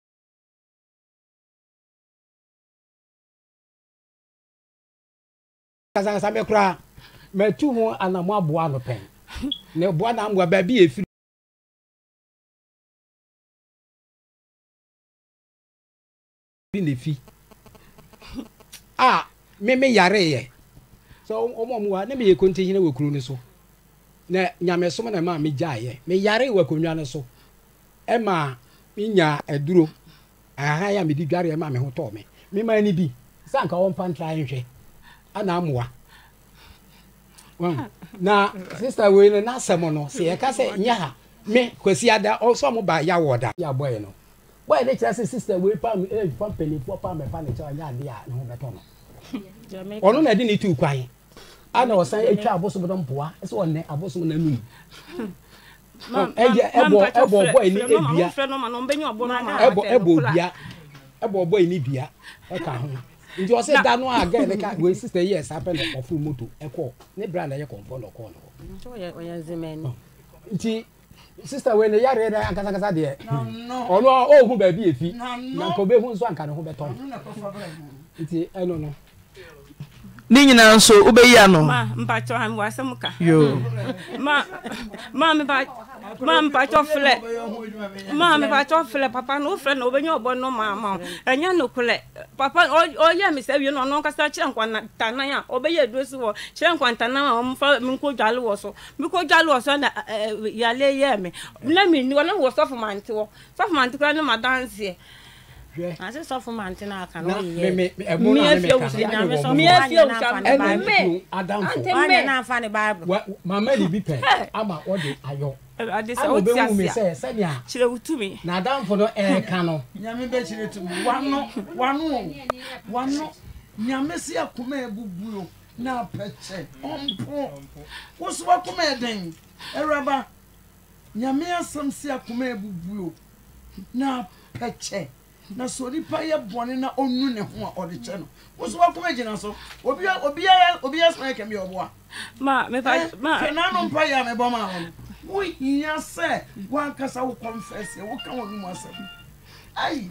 kasakasa me koraa matu ho anamu aboa no pɛn ne boa na mboa baabi yɛ firi ne fi a ah, me me yareɛ so ɔmo ɔmo wa ne me yɛ kontihene wɔ kuro ne so na nyamesom na ɛma megyaeɛ meyare wɔ akonnwa no so ɛma menya aduro aha a mede dware ɛma me ho tɔɔ me mema ni bi sɛ anka wɔmpa ntra nhwɛ ana amoa na sister wei no n'asɛm no sɛ yɛka sɛ nyɛ ha me kwasi ada ɔsɔ mo ba ya da yabɔɛ no bɔyɛ ne kyerɛ sɛ sister wei pa ɛmfa mpanimfoɔ eh, pa mɛfa ne kyɛ ɔnyɛ adeɛ a ne ho bɛtɔ no ɔno na ɛde ne tu kwan ana ɔsan atwa abosom no mpoa ɛsɛ ɔnɛ abosom no anum ɛyɛ ɛbɔ ɛbɔ ɔbɔ yi ni ebia ɛbɔ ɛbɔ obia ɛbɔ ɔbɔ yi ni bia ɛka ho nti ɔsɛ da no a gɛɛ ne ka wei sista yi yɛ sapɛ na ɔfuru moto ɛkɔ ne brand ɛyɛ kɔnfɔ na ɔkɔ na mm, ɔ nti sista wei ne yare na ankasakasa deɛ ɔno ɔhu baabi efi na nkɔ bɛ hu nso anka ne ho bɛtɔn nti ɛno ne nyinaa nso wobɛyi ano mamepakyɛ flɛ papa no wofrɛ na wobɛnya ɔbɔ no maama ɛnyɛ nokorɛ papa ɔyɛ me sɛ wie no ɔno nkasa kyerɛ nkwantanan a ɔbɛyɛ aduro si wɔ kyerɛ nkwantanan a ɔmfa menkɔ dwale wɔ so mekɔ dwale wɔ so na yale yɛ me na menni hɔ na wɔ sɔfo mante hɔ sɔfo mante ma, ne madanseɛ ase sɔfo mante na aka na ɔyɛ mie fie wusi nyame sɔfo mie fie wusi amene ba me ante me ɔnyɛ n'afa ne baabu. mama de bi pɛ ama ɔde ayɔ ade sɛ ɔti ase a kyerɛ wutumi. na adamfo no ɛɛka no. nyame bɛ kyerɛ tumi wano wano wano nyame si akoma ebubu o na apɛkyɛ ɔmpo wosow akoma ɛdɛn ɛwuraba nyame asɛm si akoma ebubu o na apɛkyɛ na sɛ onipa yɛ bɔne na ɔnu ne ho a ɔde kyɛ no wo so wakoma gyina so obiɛ sona yɛka bi ɔboa fɛna no mpa yɛ a mebɔ maa wɔ no wohia sɛ woankasa wo kɔmfɛseɛ woka wɔ no mu eh. na ai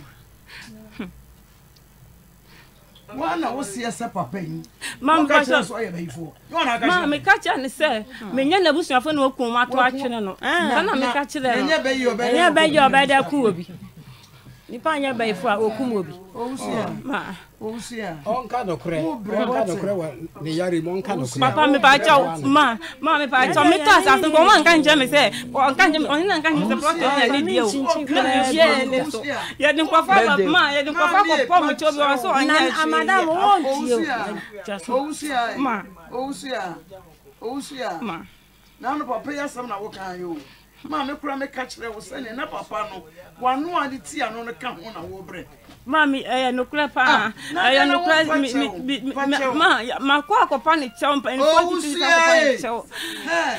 wana woseɛ sɛ papa yi ma meka kyerɛ ne sɛ menyɛ n'abusuafo ne wɔkum m ato atwene no sana meka kyerɛ noɛnyɛ bɛyi ɔbɛdɛ ku wɔ bi nipa anyɛ bɛyifo a okum obi. ɔnka nɔkorɛ ɔnka nɔkorɛ wa ne yare mu ɔnka nɔkorɛ. papa mi pa kyɛw ma ma mi pa kyɛw mi tɔ asase nkɔ ɔmo anka nkyɛn mi sɛ ɔnka nkyɛn mi ɔnina nka nkyɛn mi sɛ pɔtɔ yɛ ne die o na mi yɛ ne so yɛde nkɔfɔ bɛ ma yɛde nkɔfɔ bɔ pɔ mo tí o bi wɔn so ɔnyɛ ɛkyɛ. na amadamu wɔn ti o. ma owusu a owusu a na anu papa yɛ sɛm na wɔkan yi o. maame kura ka kyerɛ wo sɛne na papa no wano ade ti ano no ka ho na wɔbrɛ maami ɛyɛ nokura paa ah, ɛyɛ nokura makɔ akɔpa ne kyɛw mpanimfoɔ oh, eh. eh,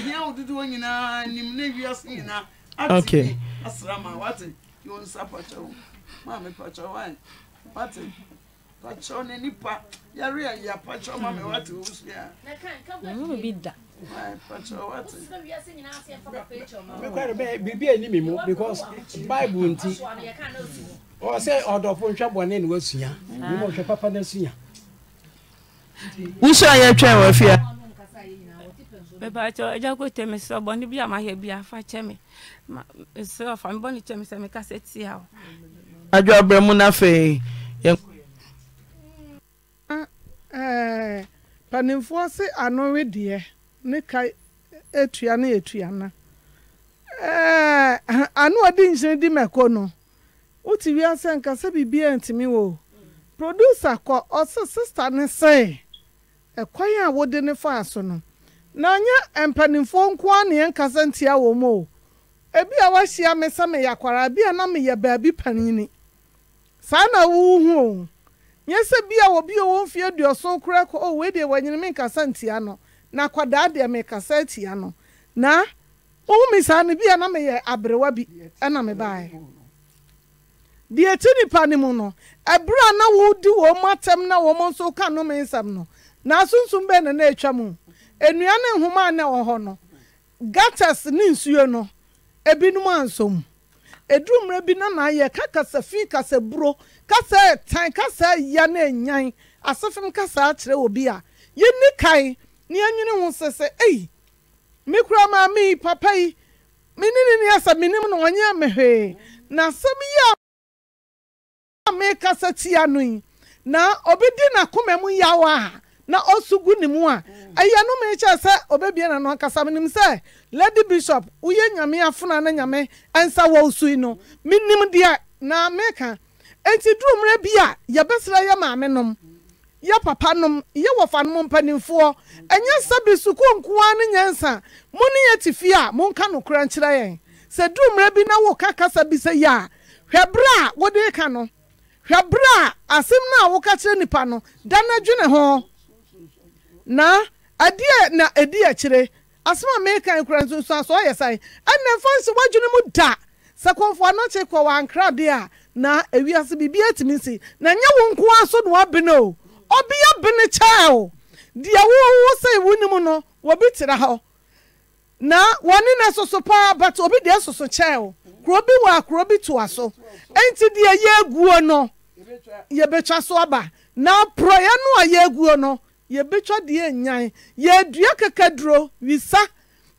yɛhia wo dodoɔ nyinaa nim ne wiase nyinaa ate asrama wate yɛwɔ pakyɛw maame pakyɛw wate pakyɛw ne nipa yɛre a yɛ pakyɛw maame wate wo sua bi da mekware bɛ biribi ani mi mu because bible nti ɔsɛ ɔdɔfo nhwɛ bɔne ne wasua mma ɔhwɛ papa no asua wosu a yɛtwɛn wɔ afia mepakyɛ agya kɔ tɛ me sɛ bɔne bi a mahɛ bia fa kyɛ me sɛ ɔfa me bɔne kyɛ me sɛ meka sɛ tia wo adwa berɛ mu no afei yɛ eh, eh, panimfoɔ se ano wedeɛ ne ka etua ne etua na ɛɛ eh, [LAUGHS] ano a ɔde nhyɛn di mɛko no wote wiase nkasa biribiara ntumi wɔ producer kɔ ɔsɛ sista ne sɛɛ ɛkwan a wɔde ne fa so no na ɔnyɛ mpanimfoɔ nkoa ne yɛn nkasa ntia wɔn o ebi a wɔahyia me sɛ meyɛ akwaraa bi a na meyɛ baabi panini saa na wohu o nyɛ sɛ bi a wɔbi a wɔn mfie duɔso koraa kɔ o wei deɛ wɔnyere me nkasa ntia no na akwadaa deɛ mekasa atia no na wohu me saa no bia na meyɛ aberewa bi ɛna mebaeɛ deɛ ti nipa no mu no ɛberɛ a na wodi wɔn mu atɛm na wɔn nso ka nome nsɛm no na asonsom bɛɛ na na atwa mu nnua ne nhoma a na ɛwɔ hɔ no gutters ne nsuo no ebinom ansɔ mu eduru mmerɛ bi na n'ayɛ ka kasa fi kasa buro kasa ɛtan kasa ɛya na enyan asefem kasa akyerɛ obi a yɛn nika kan na yɛnwene ho sɛ sɛ ei me kura maa me papa yi me ne ne ne asɛ me nim na ɔnyɛ me hwee na asɛm yi a mekasa tia no yi na obedi n'akoma mu yaw a na ɔso gu ne mu a ɛyɛ no mekyɛ sɛ obebie na no ankasa menim sɛ lady bishop woyɛ nyame afona na nyame ɛnsa wɔ so yi no menim deɛ na meka eti duru mmerɛ bi a yɛbɛsrɛ yɛ maame nom mm yɛ papa nom yɛ wɔfa nom mpanimfoɔ ɛnyɛ nsa sukuu nkoa ne nyansa mo ne yɛ te fie a monka nokora nkyerɛ yɛn sɛ du mmerɛ bi na woka kasa bi sɛ yɛ a hwɛ berɛ a wode ka no hwɛ berɛ a asɛm no a woka kyerɛ nipa no da no adwene ho na adeɛ na ɛdi akyire asɛm a meka kora nso so asɔ ɔyɛ sae ɛnna mfa nsi woadwene mu da sɛ kɔmfoɔ no kɔ wɔ ankradeɛ a na ewiase biribi atumi si na nyɛ wo nkoa so na wabene o obi abene kyɛɛ o deɛ wowo ni wonim no wɔbi tena hɔ na wɔne na soso pa but obi dia soso kyɛɛ o kuro bi wɔ a kuro bi toa so nti deɛ yɛguo no yɛbɛtwa so aba na porɔyɛ no a yɛguo no yɛbɛtwa deɛ nyan yɛdua kakaduro wisa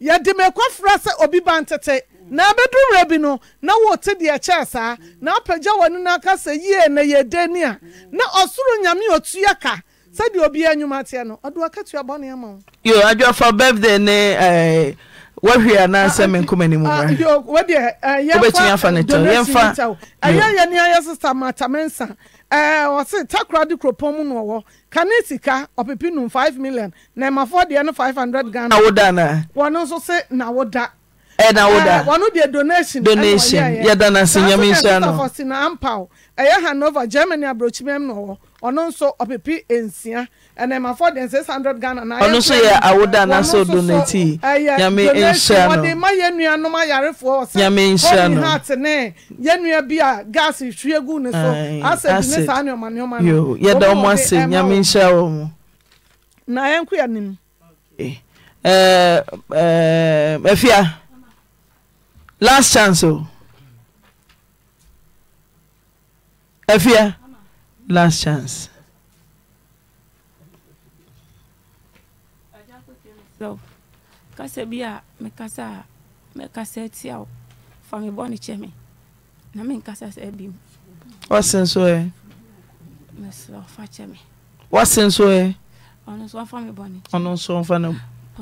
yɛde mɛkɔfra frase obi ba ntete na abɛduru mmerɛ bi no na wɔte deɛ kyɛɛ saa na apagya wɔne no aka sɛ yie na yɛde ni a na ɔsoro nyame ɔtua ka sɛdeɛ obiara nnwuma teɛ no ɔde wakatua bɔne ama wo yo adwafa birthday ne ɛɛ eh, wahwe anaasɛ me nkoma ah, eh, eh, ne mu wobɛtumi afa ne tɔ mm. yɛmfa ɛyɛ yɛ ne ayɛ sista matamensa ɔse takora de kuropɔn mu no ɔwɔ kane sika ɔpepi num million na ɛmafoɔ deɛ no 500 ghana woda na wɔno nso se na woda ɛna woda wɔno deɛ donation donation yɛda no ase nyame nhyira no fɔsi na ampaw ɛyɛ hanover germany aburokyimam na ɔwɔ ɔno nso ɔpepi nsia ɛnɛmafo de six hundred ghana na ɔno nso yɛ awoda na so donate nyame nhyira no wɔde ma yɛn nuanom ayarefoɔ ɔsɛ nyame nhyira no heart ne yɛn nua bi a gas hwie gu ne so asɛ bi ne saa nneɛma nneɛma no yɛda ɔmo ase nyame nhyira wɔ mo na yɛnko yɛ nim ɛɛ ɛɛ mɛfia last chance o ɛfia last chance. kasa bi a mekasa a mekasa atia wo fa me bɔne kyɛ me na menkasa sɛ bi mu wɔse nso ɛ mesrɛ fa kyɛ me wɔse nso ɛ ɔno nso ɔmfa me bɔne ɔno nso ɔmfa no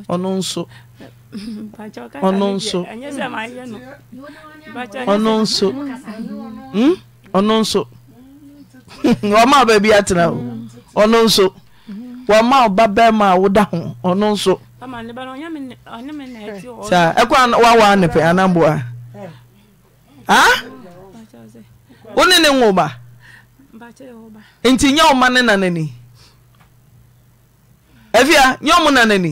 ɔno nso ọnụ nso ọnụ nso ọnụ nso ọma baabi atena o ọnụ nso wɔma ɔba bɛrima a woda ho ɔno nso saa ɛkɔ wawa ne pɛ anamboa a wo ne ne wo ba nti nyɛ wo ma ne nanani afia nyɛ wo mo nanani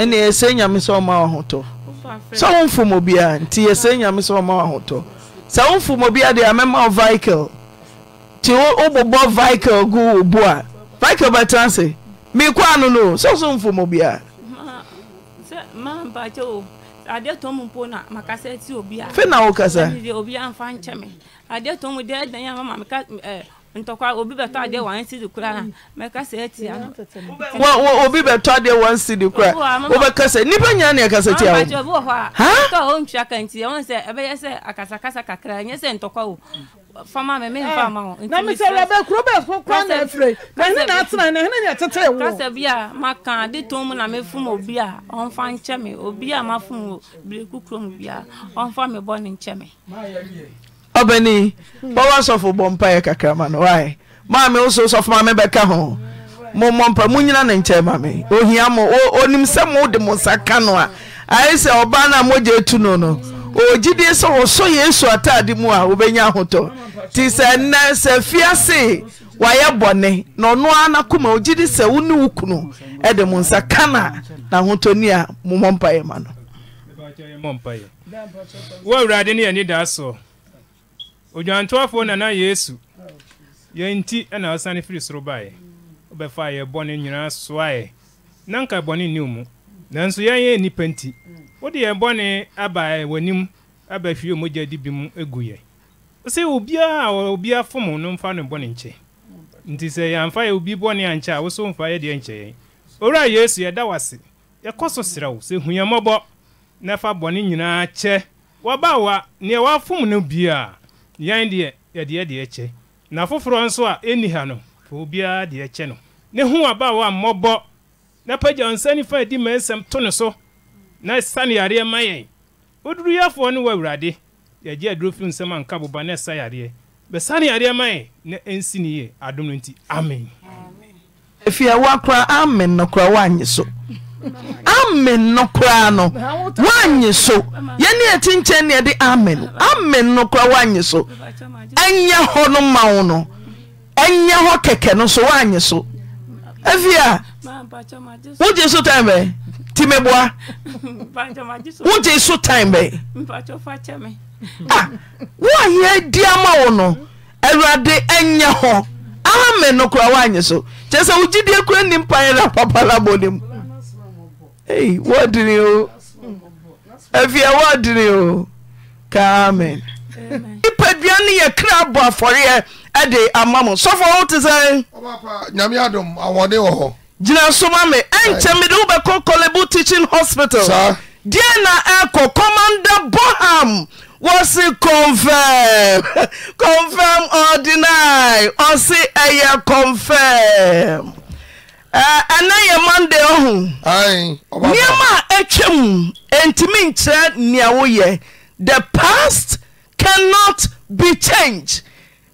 ɛne yɛsɛ nyame sɛ ɔma wahotɔ sɛ womfom obiaa nti yɛsɛ nyame sɛ ɔma wahotɔ sɛ womfom obiaa deɛ amɛma wo vicle nti wobobɔ vicle gu wo bo a vicle bɛtena eh? se meekɔ ano no sɛ wo sɛ womfom obiaa adeɛ na makasa ti obi a. fɛn na kasa. a nfa nkyɛn mi adeɛ tɔn mu ntɔkwa obi bɛtɔ adeɛ wɔn si di kura na mm. mɛka sɛ eti ano. wɔ wɔ obi bɛtɔ adeɛ wɔn si di kura wɔbɛka sɛ nipa nyina ni akasa tia wɔn. ɔmɔ wɔ hɔ a ɔtɔ a ɔntua kanti wɔn sɛ ɛbɛyɛ sɛ akasakasa kakra nyɛ sɛ ntɔkwa o fama mi mi nfa ma wɔn. Eh, na mi sɛ ɛbɛ kuro bɛ fɔ kura na efire na ɛhɛn na atena na ɛhɛn na tete wɔ. kasa bi a ma kan de to mu na mi fun obi a ɔnfa nkyɛn mi obi a ma fun biriku kuro mu bi a ɔnfa mi bɔ ne nkyɛn mi ọbẹni bọwọ sọfọ bọ mpaeɛ kakrama no wae maame woso sɔfo maame bɛka ho mo mmɔ mpa mo nyina ne nkyɛn maame ohia mo onim sɛ mo de mo nsa ka no a ayɛ sɛ ɔbaa no a mogye etu no no ogyidie sɛ wɔsɔ yesu ataade mu a wobɛnya ahotɔ ti sɛ nnɛ sɛ fiase wayɛ bɔne na ɔno ara n'akoma ogyidi sɛ wo ne ɛde mo nsa ka na n'ahotɔni a mo mmɔ mpaeɛ ma no. wɔ awurade ne yɛn ni da so odwantoafoɔ nana yesu yɛn nti ɛna ɔsane firi soro baeɛ wobɛfa yɛ bɔne nyinaa soaeɛ na nka bɔne nni mu nanso yɛn yɛ nnipa nti wode yɛn bɔne abaeɛ w'anim abɛhwie mogya di bi mu egu yɛ sɛ obiara a obi afom no mfa no bɔne nkyɛ nti sɛ yɛamfa yɛ obi bɔne ankyɛ a wo so mfa yɛ deɛ owura yesu yɛda wase yɛkɔ so serɛ wo sɛ hu yɛn mmɔbɔ na fa bɔne nyinaa kyɛ wɔba wa neɛ wafom no bia yɛn deɛ yɛdeɛ deɛ kyɛ na foforɔ nso a ɛnni ha no fa obiara deɛ kyɛ no ne ho abaawa a mmɔbɔ na pagya nsa nifa adi ma nsɛm to ne so na sa ne yareɛ ma yɛn woduru yɛafoɔ no wɔ awurade yɛgye aduro firi nsɛm a nka boba na ɛsa yareɛ bɛsa ne yareɛ ma yɛn na ɛnsi ne yie adom no nti amen efi a woakora amen na kora woanye so amen no koraa no woanye so yɛneɛɛtenkyɛn neɛde amen amen no kora woanye so ɛnyɛ hɔ no ma wo no ɛnyɛ hɔ kɛkɛ no so woanye so ɛfi a wogye so tan bɛ ti mɛboawogye so tan bɛ ah, woayɛ diama wo no ɛwurade nyɛ hɔ amen nooaw sokyɛ ɛwogyidiɛ koa ni paɛapaabnm wdnfia wdn kaame ipadua ne yɛ kra bɔ afɔreɛ e de amamu sɔfo wo te sɛn gyina so ma me ɛnkyɛ e mede wobɛkɔ kɔlebo teaching hospital deɛ na akɔ e commandar boham wo se confrm confirm odenaye ɔse ɛyɛ confirm ɛna yɛmande honeɛma a atwa mu ntimi nkyerɛ nnea wo yɛ the past canot be cange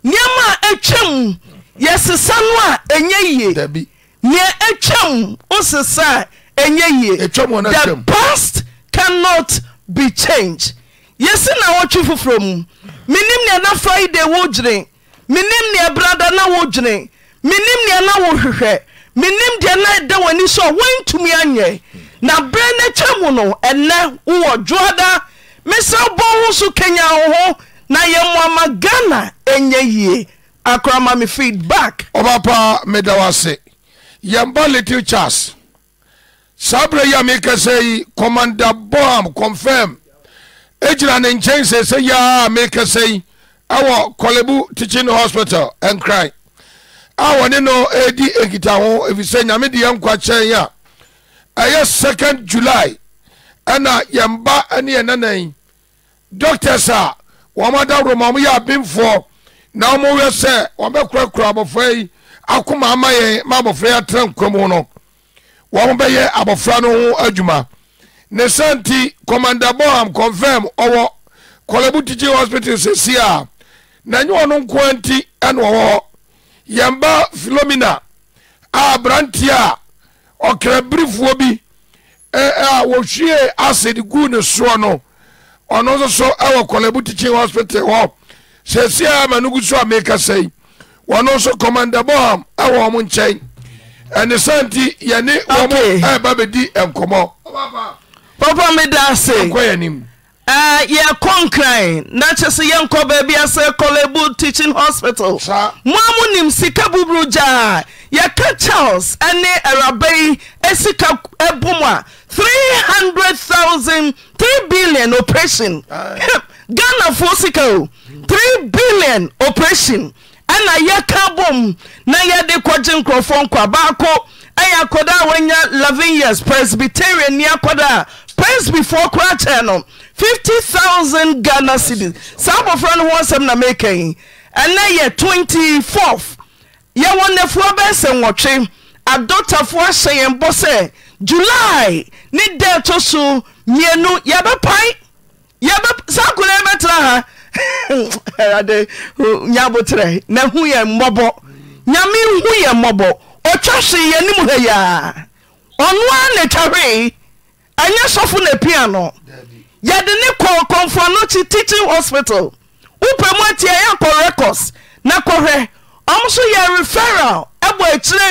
nneɛma a ɛtwa mu yɛ sesa no a ɛnyɛ yie nea atwam wo sesa a ɛnyɛ yie past an be cange yesi na wotwe foforɔ mu menim nea na fraiday wo dyene menim nea brada na wo dyene menim nea na wo hwehwɛ menim deɛ na ɛda w'ani so a wɔintumi anyɛ na berɛ ne kyɛ wu no ɛnɛ wowɔ dwoada mesra bɔ ho so kenya ho ho na yɛmo ama gha na ɛnyɛ yie akorama me feed back ɔbapaa medawɔ ase yɛmba little chars saa berɛ yi a merkɛsɛ yi commandaboam konferm agyina ne nkyɛn see sɛ yia a merekɛsɛ yi ɛwɔ kolebu tichin hospital nkran a wɔne no ɛdi nkitaho ɛfisɛ nyame nkwa nkwakyɛn a ɛyɛ second july ɛna yɛmba ne yɛ nanan doctors a wɔmada woroma ɔmo yɛ abenfoɔ na ɔmowɛ sɛ wɔbɛkorakora abɔfra yi akoma ama yɛn ma abɔfra yi atena nkwamu no wɔn bɛyɛ abɔfra no ho adwuma ne santi commander boham confirm ɔwɔ kɔlɛbu teaching hospital sɛsi a n'anyi wɔn nko nti ɛna ɔwɔ hɔ yɛn filomina, philomena a aberanteɛ a ɔkra birifoɔ bi a wɔhwie acid gu ne soɔ no ɔno nso so ɛwɔ kɔlɛbu teaching hospital hɔ sɛsi a ma no gu so a mekasa yi wɔno nso commander boham ɛwɔ ɔmo nkyɛn ɛne sa nti yɛne wɔmo ɛba bɛdi nkɔmmɔ papa meda ase yɛkɔ nkran na kyɛ sɛ yɛnkɔ baabi asɛ moamonim sika burbru gyaa yɛka charles ne awurabayi sika bom a 3000 bilion pration ghanafoɔ sika o 3 billion opration ɛna yɛka bom na yɛde kɔgye nkurɔfɔɔ nkɔabaako ɛyɛ akɔda a wanya lovin years presbyteria nnikɔda a prisbefo korakyɛɛ no 50000 ghana cidies saa bɔfra no hosɛm namkai ɛnɛ yɛ 24 yɛwɔ nnafuɔ bɛsɛ nwɔtwe adɔtafoɔ ahyɛ yɛn bɔ sɛ juli ne da to so mmienu yɛbɛpae saa koda yɛbɛtera ha [LAUGHS] ade nyaboterɛ na hu yɛ mmɔbɔ nyame hu yɛ mmɔbɔ ɔtwa hwee yɛnim ha yia ɔno ara na twa hwee ɛnyɛ sɔfo na pia no yɛde ne kɔɔ kɔmfoano kyi teaching hospital wopɛ mu atia yɛakɔ records na kɔhwɛ ɔm so yɛ referal ɛbɔ akyire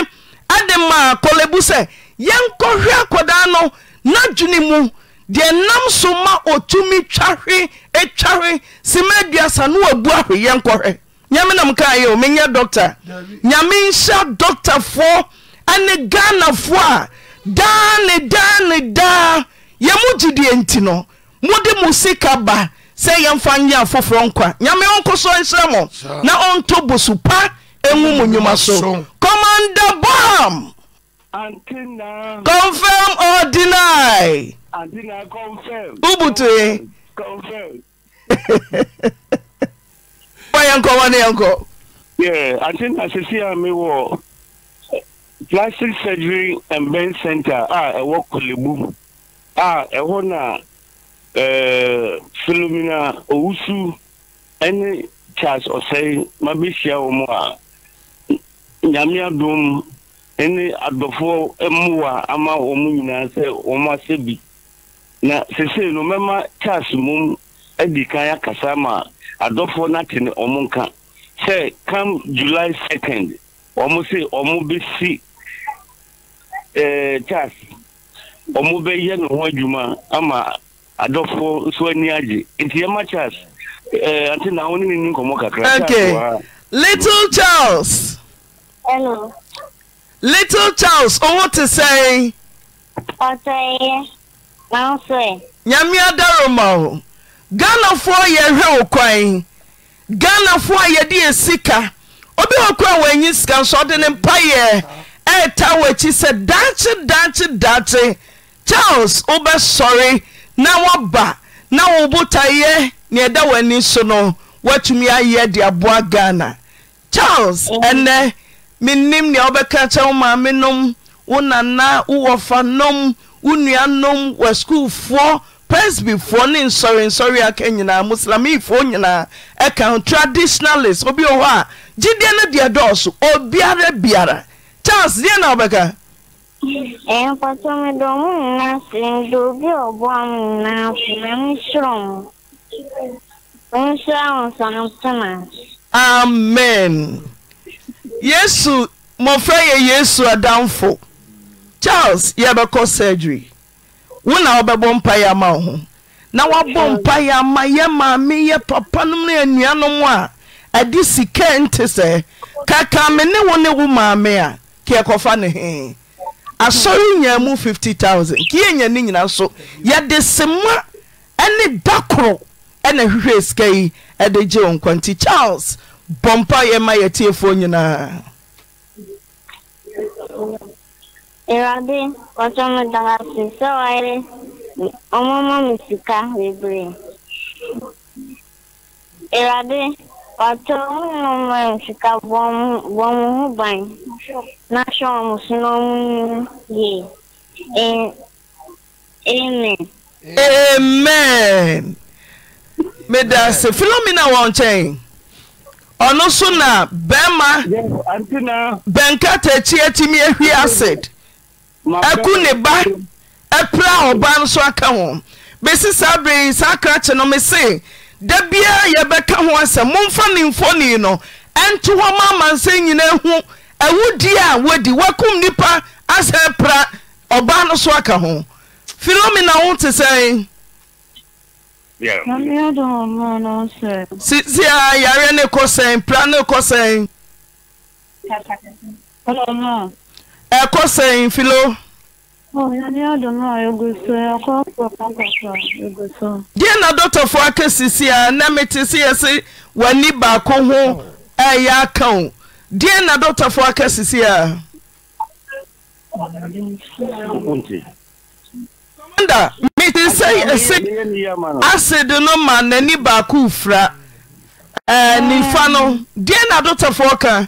ade maa kɔlebu sɛ yɛnkɔhwɛ akɔdaa no n'adwene mu deɛ nam so ma ɔtumi twahwe twahwe sima aduasa no wabu ahwe yɛnkɔhwɛ nyame nam kaa yɛ o menyɛ dɔkta nyame nhyɛ dɔktafoɔ ane ghanafoɔ a daa ne daa ne daa yɛ mo gyidie nti no mode mo sika ba sɛ yɛmfa nyɛ afoforɔ nkwa nyame ɔnkɔ so nhyerɛ mɔ na ɔntɔ bosu pa ɛnwu mu nnwuma so commander bom confirm or deny wobutue [LAUGHS] wa yɛnkɔ wa ne yɛnkɔ antena sisi a mewɔ eh, plastic surgery and burn center ah, a ɛwɔ kolebu ah, a ɛhɔ na philomena eh, owusu ɛne charles ɔsɛe ma wɔ mu a nyame adom ne adɔfoɔ mmoa ama wɔn nyinaa sɛ wɔn asɛ bi na sesei no mɛma charles mom adi kan akasa ma adɔfoɔ n'ate ne wɔn nka sɛ 2 july second wɔn se wɔn bɛsi ɛɛ charles wɔn bɛyɛ ne ho adwuma ama. adɔfoɔ nso ani agye nti yɛma charles ɛɛ ante na wɔn ne ne nkɔmɔ kakra. okay little charles. hello. little charles owó ti sẹ́yìn. ọ̀sẹ̀ yẹ máa ń sọ ẹ̀. nyàmí adaroma o ghanafoɔ yɛhwɛ wɔ kwan ghanafoɔ a yɛde yɛ sika obi wɔ kwan wɔ anyi sika nso ɔde ne mpa yɛ ɛɛta wɔ akyi sɛ daakye daakye daakye charles wobɛsɔre. na waba na wo botaeɛ neɛ ɛda w'ani so no watumi ayɛ de aboa ghana charles ɛnɛ oh. mennim nea wobɛka kyɛ wo maamenom wo nana wowɔfa nom wo nnuanom wɔ skuulfoɔ presbyfoɔ ne nsɔrensɔre aka nyinaa muslamifoɔ nyinaa ɛka ho traditionalist obi wɔ hɔ a gyideɛ no deɛ dɔɔso obiara biara charles deɛ na wobɛka Enkwatomedom nna si ndị obi ọgbọ m na-apụ na nsọ nsọ ahụ samsona. Amen. Yesu mmɔfra yɛ Yesu adamfo Charles yɛbɛkɔ surgery wo na wɔbɛbɔ mpa yɛ ama ho na wabɔ mpa yɛ ama yɛ maame yɛ papanom na anuanom a ɛde sika nte sɛ kaka me ne wo ne wo a ka yɛkɔfa ne asɔre nyaa mu thousand. nti yɛnya ne nyina so yɛde sema ne da koro ɛna hwehwɛ sika yi ɛde gye wo nkwa nti charles bɔ mpa yɛma yɛtiefoɔ nyinaa awurade wɔtɔ me dam ase sɛ wɔyere ɔmama me sika bebree awurade Patrón Mexica Bomu Bank National Muslim Ye. Amen. Amen. Meda se Philomena wɔ nkyɛn. Ɔno nso na bema bɛrima bɛnka ti atumi ahwi acid. Aku ne ba ɛpra pra nso aka wɔn. Besi saa bere saa krakye me se da biara yɛbɛka ho asɛm momfa ne mfoni no ɛnto hɔ ma amansa nyina hu awudi a wodi wakom nnipa asɛ pra ɔbaa no so aka ho filomina wo te sɛn sisia yareɛ ne kɔ sɛn pra ne kɔ sɛn ɛkɔ sɛn filo deɛ na dɔtɔfoɔ aka sisi a na mete si yɛ w'ani baako ho ɛyɛ e aka o deɛ na dɔtɔfoɔ aka sisi a da mete si esi asede no ma n'ani baako fira e, nifa no deɛ na dɔtɔfoɔ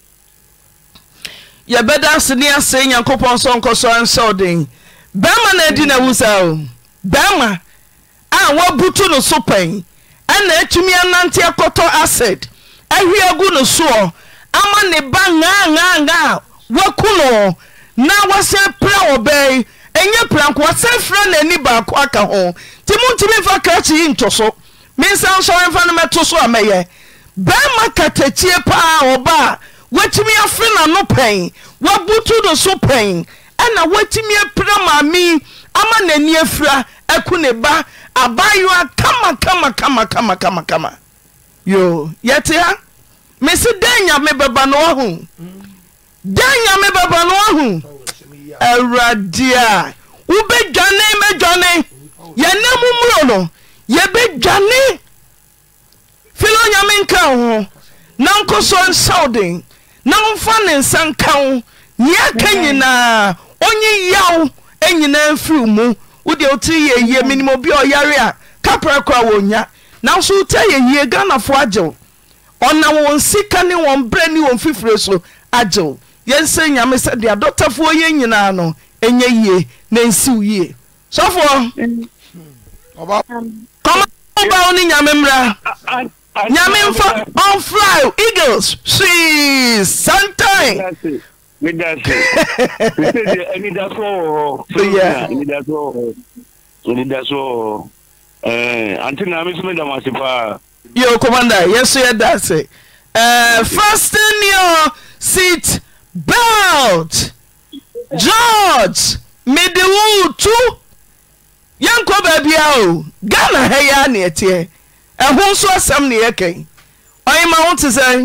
yɛbɛda ase ne asee nyankopɔn sɛ nkɔsɔ ansɛ woden bɛrima na adi na wu o bɛrima a wabutu no so pɛn ɛna atumi anante akɔtɔ acid ahwia gu no soɔ ama ne ba aaaaaa woaku no na woasɛ pra wɔbɛɛ yi ɛnyɛ pranko wasɛ frɛ n'ani baako aka ho nti montumi mfa krakye yi nto so mensa nsɔre mfa no mɛto so a mɛyɛ bɛrima katakyie paa ɔba woatumi afe n'ano pɛn woabotu no so pɛn ɛna woatumi apira maame ama n'ani afira kama kama kama kama, kamakamakamakamamakama yo yɛte ha mese dɛn nyame bɛba no waho dɛn nyame bɛba no waho awurade a wobɛdwane mɛdwane yɛnɛ mumuro no yɛbɛdwane filo nyame nka ho na nkɔ den na mfa ne nsa nka wo nea ka nyinaa onye yaw e nyinaa mfiriw mu wodeɛ wotiri yɛ yie menimobi a ɔyare a kapra kora wɔnya nanso wota yɛ yie ghanafoɔ agyew ɔnam wɔn sika ne wɔn berɛ ne wɔn fifire so agyew yɛnsɛ nyame sɛdeɛ adɔtafoɔ yɛ nyinaa no ɛnyɛ yie na nsiw yie sɔfoɔ ne nyame mmra nyame fa nfri eagles sei sunti yɛ so yɛda se fristeneo seat beld george mede wo o to yɛnkɔ baabia o oh. ghana hɛ yɛ ane ɛteɛ eh. ɛho nso asɛm neyɛ kɛn ɔyima ho te sɛm